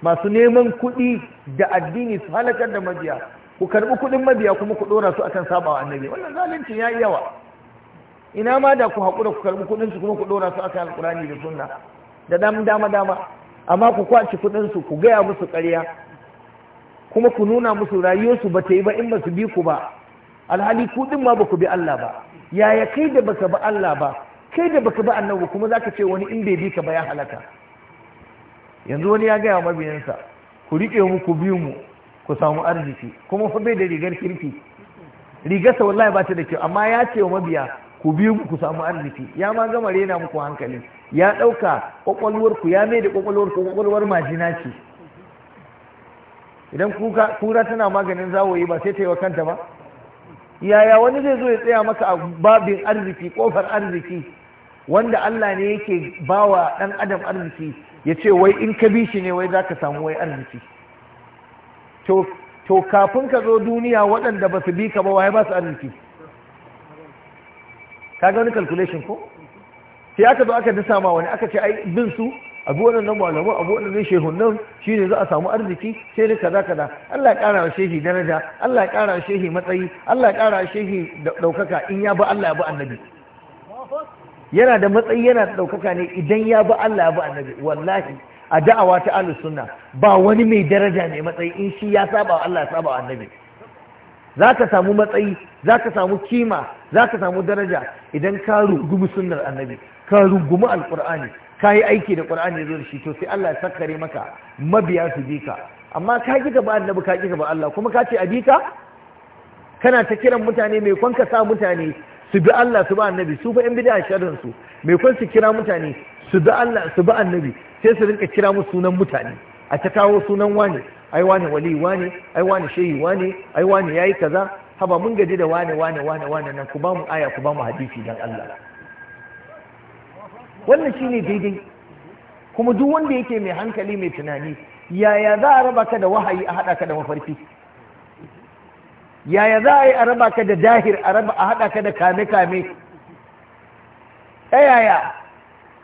masu neman kuɗi da addini su halakar da mabiya ku karɓi kuɗin mabiya kuma ku ɗora su akan sabawa annabi wannan zalunci ya yi yawa ina ma da ku haƙura ku karɓi kuɗin su kuma ku ɗora su akan alƙurani da sunna da dama dama dama amma ku kwaci kuɗin su ku gaya musu ƙarya kuma ku nuna musu rayuwarsu ba ta yi ba in ba su bi ku ba alhali ku ɗin ma ba ku bi Allah ba yaya kai da baka bi Allah ba kai da baka bi annabi kuma zaka ce wani in bai bi ka ba ya halaka yanzu wani ya gaya mabiyansa ku riƙe mu ku biyu mu ku samu arziki kuma fa bai da rigar kirki rigarsa wallahi ba ta da kyau amma ya ce wa mabiya ku biyu mu ku samu arziki ya ma gama rena muku hankali ya ɗauka ƙwaƙwalwar ya mai da ƙwaƙwalwar ku ƙwaƙwalwar majina ce idan kura tana maganin zawoyi ba sai ta yi wa kanta ba yaya wani zai zo ya tsaya maka a babin arziki ƙofar arziki wanda Allah ne yake bawa ɗan adam arziki ya ce wai in ka bi shi ne wai za ka samu wai arziki to kafin ka zo duniya waɗanda ba su bi ka ba waye ba su arziki ka ga wani calculation ko sai aka zo aka dasa ma wani aka ce ai bin su abu nan malamu abu waɗannan shehunan shi ne za a samu arziki sai da kaza kaza Allah ya kara wa shehi daraja Allah ya kara wa shehi matsayi Allah ya kara wa shehi daukaka in ya ba Allah ya ba annabi yana da matsayi yana da ɗaukaka ne idan ya bi Allah ya bi annabi wallahi a da'awa ta ahlus sunna ba wani mai daraja ne matsayi in shi ya saba wa Allah ya saba wa annabi za ka samu matsayi za ka samu kima za ka samu daraja idan ka rungumi sunnar annabi ka rungumi alkur'ani ka yi aiki da ƙur'ani da shi to sai Allah ya sakare maka mabiya su bi ka amma ka ki gaba annabi ka ki gaba Allah kuma ka ce a bi ka kana ta kiran mutane mai kwanka sa mutane su bi Allah su ba annabi su fa yan bid'a sharrin su mai kun su kira mutane su bi Allah su bi annabi sai su rinka kira musu sunan mutane a ta kawo sunan wane ai wane wali wani, ai wane shehi wane ai wane yayi kaza haba mun gaji da wane wane wani wani nan ku ba mu aya ku ba mu hadisi dan Allah wannan shine daidai kuma duk wanda yake mai hankali mai tunani yaya za a raba ka da wahayi a haɗa ka da mafarki yaya za a yi a raba ka da dahir a raba a haɗa ka da kame-kame ta yaya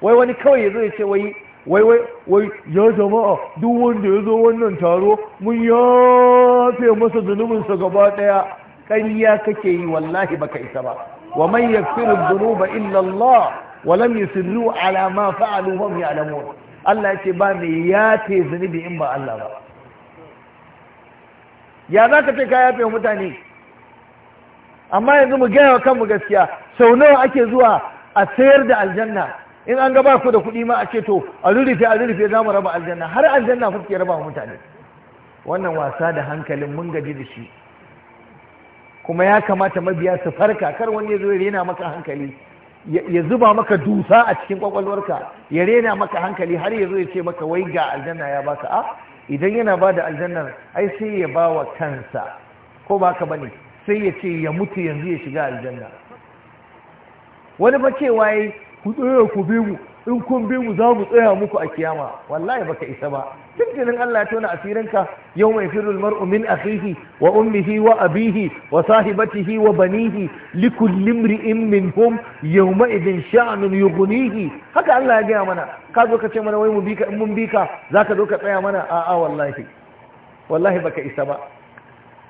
wai wani kawai ya zo ya ce wai wai wai ya jama'a duk wanda ya zo wannan taro mun yafe masa zunubinsa gaba ɗaya ƙarya kake yi wallahi baka isa ba wa man yaghfiru dhunuba illa illallah. wa lam yusirru ala ma fa'alu hum ya'lamun Allah ya ce ba mai yafe zunubi in ba Allah ba ya za ka ce ka yafe mutane amma yanzu mu gaya wa kanmu gaskiya sau nawa ake zuwa a sayar da aljanna in an gaba ku da kuɗi ma a ce to a rurrufe a rurrufe za mu raba aljanna har aljanna fuske raba mutane wannan wasa da hankalin mun gaji da shi kuma ya kamata mabiya su farka kar wani ya zo ya rena maka hankali ya zuba maka dusa a cikin kwakwalwarka ya rena maka hankali har ya zo ya ce maka wai ga aljanna ya baka a idan yana ba da aljannar ai sai ya ba wa kansa ko ba ka bane sai ya ce ya mutu yanzu ya shiga aljanna wani ba cewa ya ku tsoye ku bi mu in kun bi mu za mu tsaya muku a kiyama wallahi baka isa ba tuntunin Allah ya tona asirinka yau mai firul mar'u min akhihi wa ummihi wa abihi wa sahibatihi wa banihi li kulli imrin minhum yawma idin sha'nun yughnihi haka Allah ya gaya mana ka zo ka ce mana wai mu bika in mun bika zaka zo ka tsaya mana a'a wallahi wallahi baka isa ba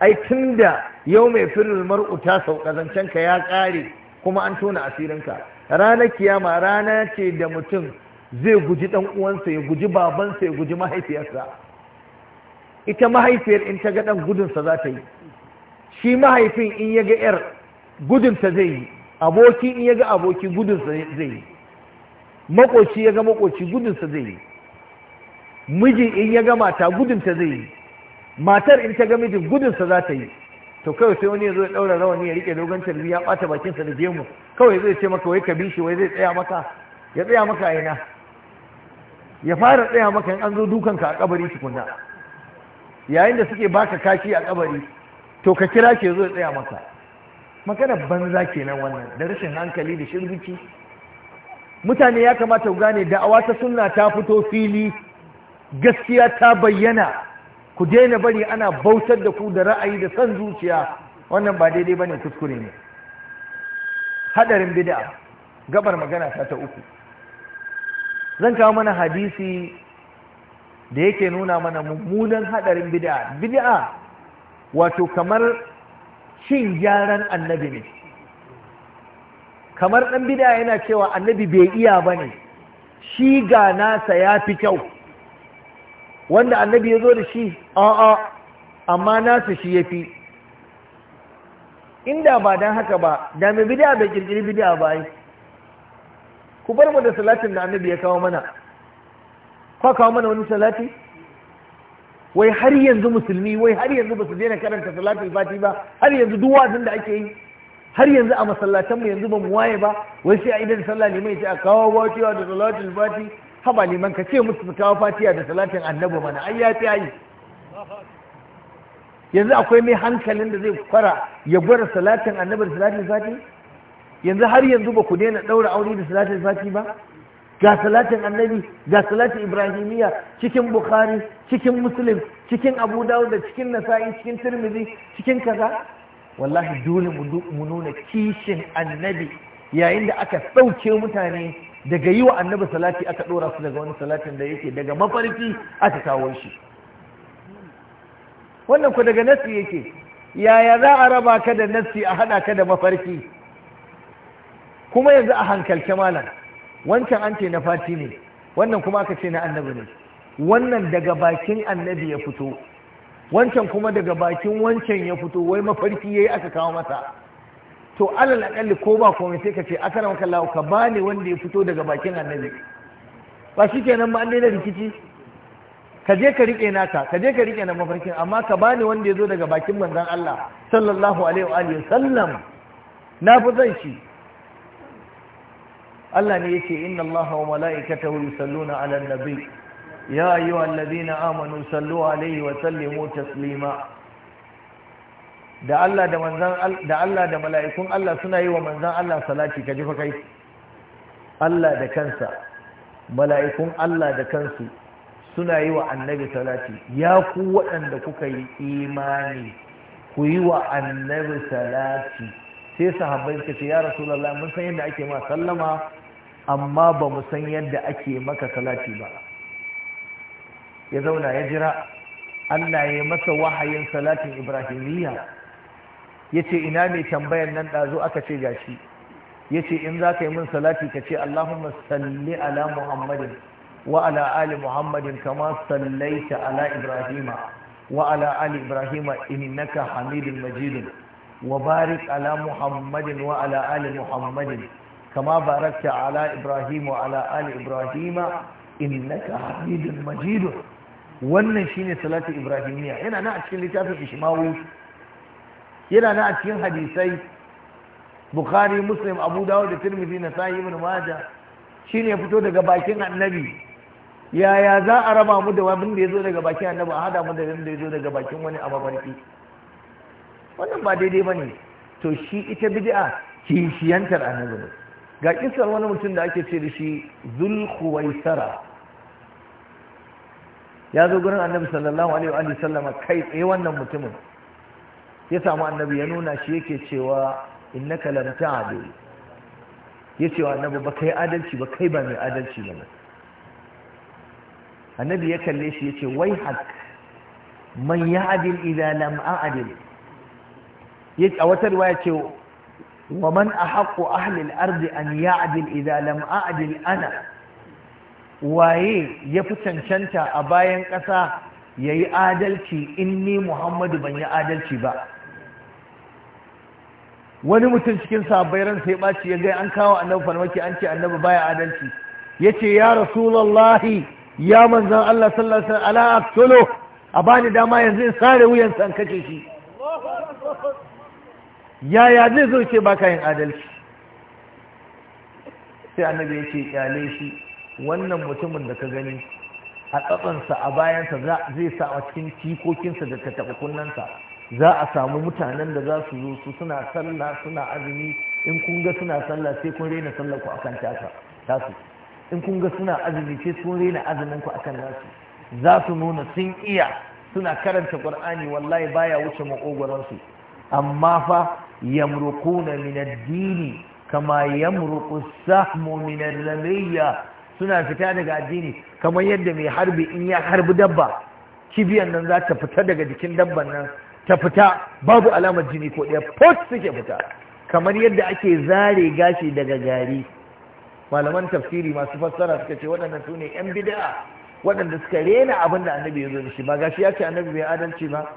ai tunda yau mai firul mar'u ta sauka ka ya kare kuma an tona asirinka ranar kiyama rana ce da mutum zai guji dan uwansa ya guji babansa ya guji mahaifiyarsa ita mahaifiyar in ta ga dan gudunsa za ta yi shi mahaifin in ya ga yar gudunta zai yi aboki in ya ga aboki gudunsa zai yi makoci ya ga makoci gudunsa zai yi miji in ya ga mata gudunta zai yi matar in ta ga mijin gudunsa za ta yi to kawai sai wani ya zo ya ɗaura rawani ya riƙe dogon tarbi ya ɓata bakinsa da gemu kawai zai ce maka wai ka bi wai zai tsaya maka ya tsaya maka a ina ya fara tsaya maka in an zo dukanka a kabari tukunna yayin da suke baka kashi a kabari to ka kira ke zo ya tsaya maka magana banza kenan wannan da rashin hankali da shirbici mutane ya kamata ku gane da'awa ta sunna ta fito fili gaskiya ta bayyana ku daina bari ana bautar da ku da ra'ayi da son zuciya wannan ba daidai bane kuskure ne hadarin bid'a gabar magana ta ta uku zan kawo mana hadisi da yake nuna mana mummunan hadarin bid'a bid'a wato kamar cin gyaran annabi ne kamar dan bid'a yana cewa annabi bai iya bane shi ga nasa ya fi kyau wanda annabi ya zo da shi a'a amma nasu shi ya fi inda ba don haka ba da mai bidiya bai kirkiri bidiya ba yi ku bar mu da salatin da annabi ya kawo mana kwa kawo mana wani salati wai har yanzu musulmi wai har yanzu ba su daina karanta salatin fati ba har yanzu duk wazin da ake yi har yanzu a masallatanmu yanzu ba mu waye ba wai sai a idan sallah ne mai sai a kawo wacewa da salatin fati haba neman ka ce musu kawo fatiya da salatin annabi mana ai ya fi yanzu akwai mai hankalin da zai fara ya gwara salatin annabi da salatin fati yanzu har yanzu ba ku daina ɗaura aure da salatin fati ba ga salatin annabi ga salatin ibrahimiyya cikin bukhari cikin muslim cikin abu dawud da cikin nasa'i cikin tirmidhi cikin kaza wallahi dole mu nuna kishin annabi yayin da aka sauke mutane daga yi wa annabi salati aka dora su daga wani salatin da yake daga mafarki aka kawo shi wannan ku daga nasi yake yaya za a raba ka da nasi a hada ka da mafarki kuma yanzu a hankalce malam wancan an ce na fati ne wannan kuma aka ce na annabi ne wannan daga bakin annabi ya fito wancan kuma daga bakin wancan ya fito wai mafarki yayi aka kawo masa to alal akalli ko ba komai sai ka ce akaram kallahu ka bani wanda ya fito daga bakin annabi ba shi nan ba an daina rikici ka je ka rike naka ka je ka rike na mafarkin amma ka bani wanda ya zo daga bakin manzon Allah sallallahu alaihi wa alihi sallam na fi zan shi Allah ne yake inna Allah wa mala'ikatahu yusalluna 'alan nabi ya ayyuhallazina amanu sallu alaihi wa sallimu taslima da Allah da manzan da Allah da mala'ikun Allah suna yi wa manzan Allah salati ka jifa kai Allah da kansa mala'ikun Allah da kansu suna yi wa annabi salati ya ku waɗanda kuka yi imani ku yi wa annabi salati sai sahabbai suka ce ya rasulullah mun san yadda ake ma sallama amma ba mu san yadda ake maka salati ba ya zauna ya jira Allah ya masa wahayin salatin Ibrahimiyya ya ce ina ne tambayar nan ɗazu aka ce gashi ya ce in za ka yi min salati ka ce Allahumma salli ala Muhammadin wa ala ali Muhammadin kama sallaita ala Ibrahima wa ala ali Ibrahima innaka hamidun majidun wa barik ala Muhammadin wa ala ali Muhammadin kama barakta ala Ibrahima wa ala ali Ibrahima innaka hamidun majidun wannan shine salati Ibrahimiyya yana na a cikin littafin Ishmawi yana na a cikin hadisai bukhari muslim abu dawo da tirmidhi na sahi ibn maja shine ne fito daga bakin annabi yaya za a raba mu da wani da ya zo daga bakin annabi a hada mu da wani da ya zo daga bakin wani a mafarki wannan ba daidai ba ne to shi ita bid'a kishiyantar annabi ne ga kisar wani mutum da ake ce da shi zulhuwaisara ya zo gurin annabi sallallahu alaihi wa sallama kai tsaye wannan mutumin ya samu annabi ya nuna shi yake cewa innaka lam ta'dil ya wa annabi ba kai adalci ba kai ba mai adalci ba annabi ya kalle shi ya ce wai hak man ya adil idan lam a'dil a wata riwaya ce wa man ahaqqu ahli al-ard an ya'dil idan lam a'dil ana waye ya fi cancanta a bayan ƙasa ya yi adalci in ni muhammadu ban yi adalci ba wani mutum cikin sahabbai ran sai baci ya ga an kawo annabi farmaki an ce annabi baya adalci yace ya rasulullahi ya manzon Allah sallallahu alaihi wasallam ala a bani dama yanzu in sare wuyan san kace shi yaya zai zo ce baka yin adalci sai annabi yake kyale shi wannan mutumin da ka gani a tsabansa a bayansa zai sa a cikin cikokinsa da ta taɓa kunnansa za a samu mutanen da za su zo su suna sallah suna azumi in kun ga suna sallah sai kun rena sallah ku akan tasa tasu in kun ga suna azumi sai kun rena azumin ku akan nasu za su nuna sun iya suna karanta qur'ani wallahi baya wuce makogoron su amma fa yamruquna min ad-dini kama yamruqu as-sahmu min ar-ramiyya suna fita daga addini kamar yadda mai harbi in ya harbi dabba kibiyan nan za ta fita daga jikin dabban nan ta fita babu alamar jini ko ɗaya post suke fita kamar yadda ake zare gashi daga gari malaman tafsiri masu fassara suka ce waɗannan su ne 'yan bida'a waɗanda suka rena abin da annabi ya zo da shi ba gashi ya ce annabi bai adalci ba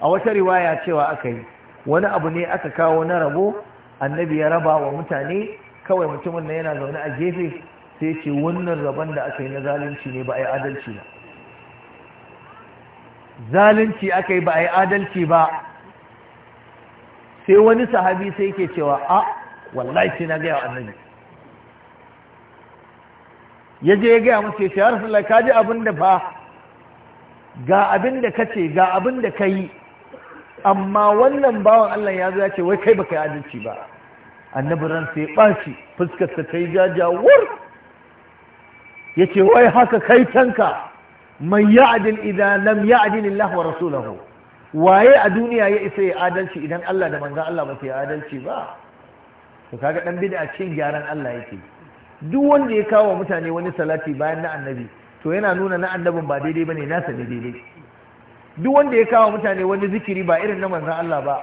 a wata riwaya cewa aka yi wani abu ne aka kawo na rabo annabi ya raba wa mutane kawai mutumin na yana zaune a gefe sai ce wannan rabon da aka yi na zalunci ne ba a yi adalci ba zalunci aka yi ba a yi adalci ba sai wani sahabi sai ke cewa a wallahi sai na gaya wa annabi ya je ya gaya musu ya ce ya rasu ka ji abin da ba ga abin da ka ce ga abin da ka yi amma wannan bawan Allah ya zo wai kai baka yi adalci ba annabi ran sai ɓaci fuskarsa ta yi jajawar ya ce wai haka kai tanka Mai ya'dil idza lam ya'dil Allah wa rasulahu waye a duniya ya isa ya adalci idan Allah da manzon Allah ba su ya adalci ba to kaga dan bid'a cikin gyaran Allah yake duk wanda ya kawo mutane wani salati bayan na annabi to yana nuna na annabin ba daidai bane nasa ne daidai duk wanda ya kawo mutane wani zikiri ba irin na manzon Allah ba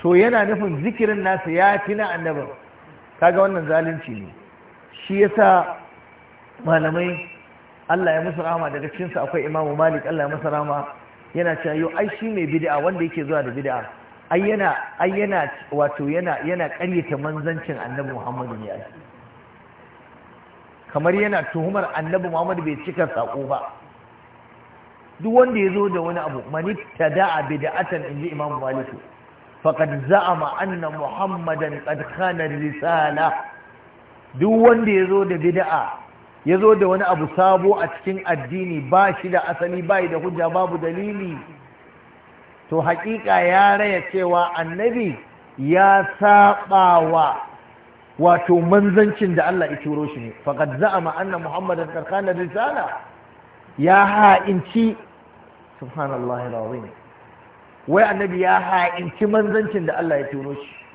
to yana nufin zikirin nasa ya fi na annabin kaga wannan zalunci ne shi yasa malamai Allah ya musu rahama daga cikin su akwai Imam Malik Allah ya masa rahama yana cewa yo ai shi mai bid'a wanda yake zuwa da bid'a ai yana ai yana wato yana yana ƙaryata manzancin Annabi Muhammad ne ai kamar yana tuhumar Annabi Muhammad bai cika sako ba duk wanda ya zo da wani abu mani tada'a bid'atan inji Imam Malik faqad za'ama anna Muhammadan qad khana risala duk wanda ya zo da bid'a ya zo da wani abu sabo a cikin addini ba shi da asali ba da hujja babu dalili to hakika ya raya cewa annabi ya saba wato manzancin da Allah ya turo shi ne faqad za'ama anna muhammadan karkana risala ya ha'inci subhanallahi alazim wai annabi ya ha'inci manzancin da Allah ya turo shi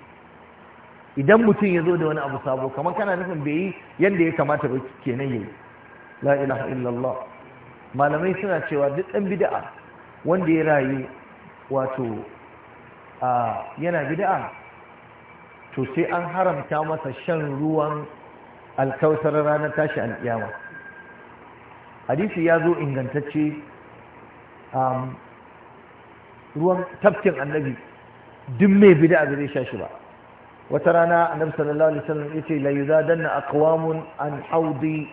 idan mutum ya zo da wani abu sabo kamar kana nufin bai yi yadda ya kamata ba kenan yayi la ilaha illallah malamai suna cewa duk ɗan bida'a wanda ya rayu wato a yana bida'a to sai an haramta masa shan ruwan alkautar ranar tashi alƙiyama hadisi ya zo ingantacce ruwan tafkin annabi duk mai bida'a zai sha shi ba wata rana annabi sallallahu alaihi wasallam yace la yuzadanna aqwamun an haudi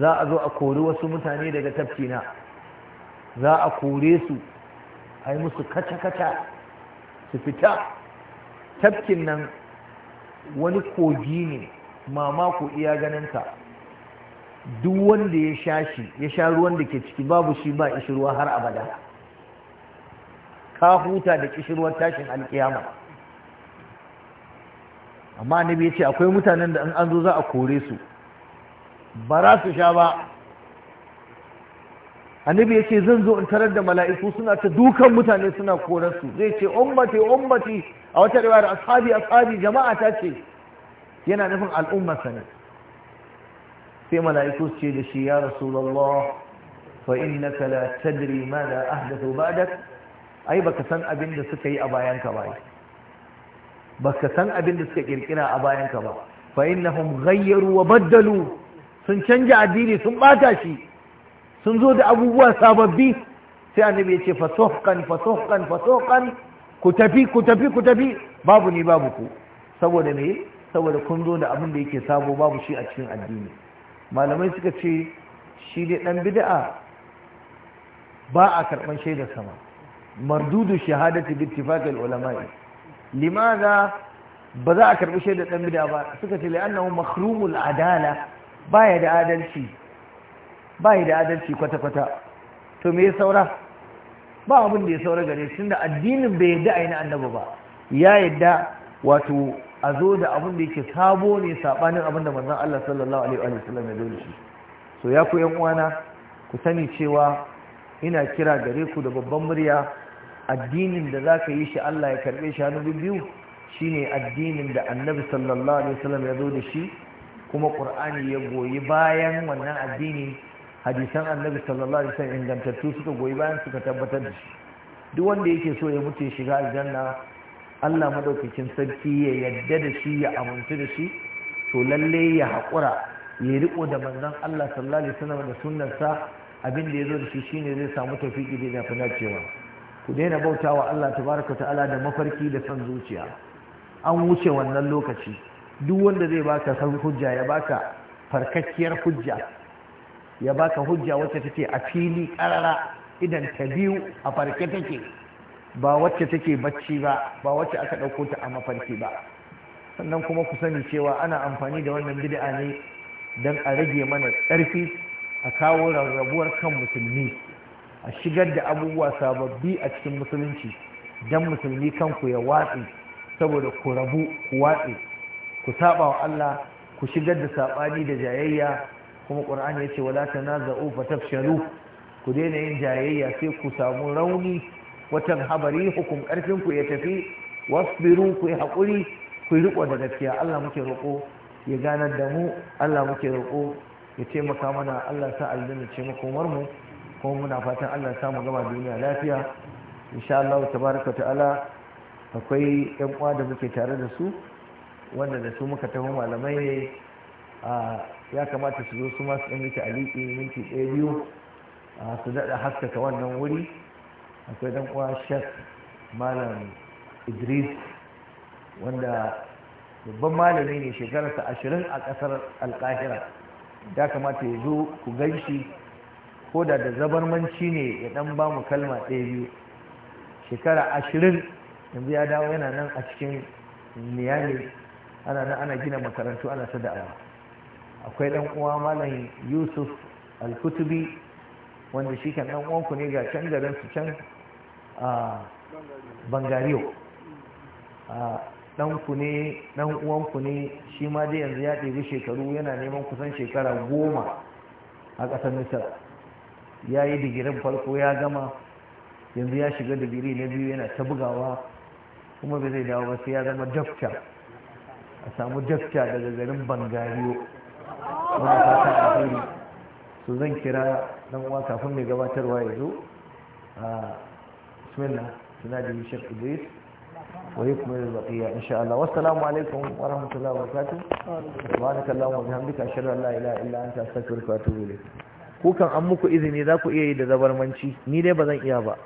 za a zo a kori wasu mutane daga tafkina za a kore su ai musu kaca kaca su fita tafkin nan wani kogi ne mamako iya ganinka duk wanda ya sha shi ya sha ruwan da ke ciki babu shi ba ishirwa har abada ka huta da kishirwar tashin alkiyama amma annabi yace akwai mutanen da in an zo za a kore su ba za su sha ba annabi yace zan zo in tarar da mala'iku suna ta dukan mutane suna korarsu zai ce ummati ummati a wata riwayar ashabi ashabi jama'a ta ce yana nufin al'ummar sa ne sai mala'iku ce da shi ya rasulullah fa innaka la tadri ma la ahdathu ba'dak ai baka san abin da suka yi a bayan ka ba baka san abin da suka kirkira a bayan ka ba fa innahum ghayyaru wa baddalu sun canja addini sun bata shi sun zo da abubuwa sababbi sai annabi ya ce fasuhqan fasuhqan ku tafi ku tafi ku tafi babu ni babu ku saboda me saboda kun zo da abin da yake sabo babu shi a cikin addini malamai suka ce shi ne dan bid'a ba a karban shaidar sama mardudu shahadati bi ittifaqil ulama'i limaza ba za a karbi shaidar dan bid'a ba suka ce li'annahu makhrumul adala baya da da adalci kwata kwata to me ya saura ba abin da ya saura gare shi tunda addinin bai yadda aina annabi ba ya yadda wato a zo da abin da yake sabo ne sabanin abinda da manzon Allah sallallahu alaihi wa ya zo shi so ya ku yan uwana ku sani cewa ina kira gare ku da babban murya addinin da za ka yi shi Allah ya karɓe shi hannu biyu shi ne addinin da annabi sallallahu alaihi wasallam ya zo da shi kuma ƙur'ani ya goyi bayan wannan addini hadisan annabi sallallahu alaihi wasallam ingantattu suka goyi bayan suka tabbatar da shi duk wanda yake so ya mutu ya shiga aljanna Allah madaukakin sarki ya yadda da shi ya amintu da shi to lalle ya haƙura ya riƙo da manzon Allah sallallahu alaihi wasallam da sunnarsa abin da ya zo da shi shine zai samu tafiki da nafi cewa ku daina bauta wa Allah tabaraka ta'ala da mafarki da san zuciya an wuce wannan lokaci duk wanda zai baka san hujja ya baka farkakkiyar hujja ya baka hujja wacce take a fili karara idan ta biyu a farke take ba wacce take bacci ba ba wacce aka ɗauko ta a mafarki ba sannan kuma ku sani cewa ana amfani da wannan bid'a ne dan a rage mana ƙarfi a kawo rarrabuwar kan musulmi a shigar da abubuwa sababbi a cikin musulunci don musulmi kanku ya watsi saboda ku rabu ku watsi ku saba wa Allah ku shigar da sabani da jayayya kuma ƙur'ani ya ce Qur'ani yace wala tanaza'u fatafshalu ku daina yin jayayya sai ku samu rauni watan habari hukum karfin ku ya tafi wasbiru ku yi hakuri ku riko da gaskiya Allah muke roƙo ya ganar da mu Allah muke roƙo ya taimaka mana Allah sa aljanna ce makomar mu kuma muna fatan Allah samu gama duniya lafiya insha Allah ta ala akwai yan uwa da muke tare da su wanda da su muka taho malamai ne ya kamata su zo su masu ɗan miki aliki minti ɗaya biyu su daɗa haskaka wannan wuri akwai ɗan uwa shek malam idris wanda babban malami ne shekararsa ashirin a ƙasar alƙahira ya kamata ya zo ku gan shi ko da da zabarmanci ne ya dan ba mu kalma ɗaya biyu shekara ashirin yanzu ya dawo yana nan a cikin niyami ana nan ana gina makarantu ana ta da'awa akwai dan uwa malam yusuf alkutubi wanda shi kan dan uwanku ne ga can garin su can a bangariyo ku ne ɗan uwanku ne shi ma dai yanzu ya ɗebi shekaru yana neman kusan shekara goma a ƙasar misar ya yi digirin farko ya gama yanzu ya shiga digiri na biyu yana ta bugawa kuma bai zai dawo ba sai ya zama dakta a samu dakta daga garin bangariyo ta ta alheri so zan kira dan uwa kafin mai gabatarwa ya zo a da yi shek idris wa yakmil ya insha Allah wassalamu alaikum wa rahmatullahi wa barakatuh wa bihamdika ashhadu wa jihar duka shirar anta kukan an muku izini za ku iya yi da zabarmanci ni dai ba zan iya ba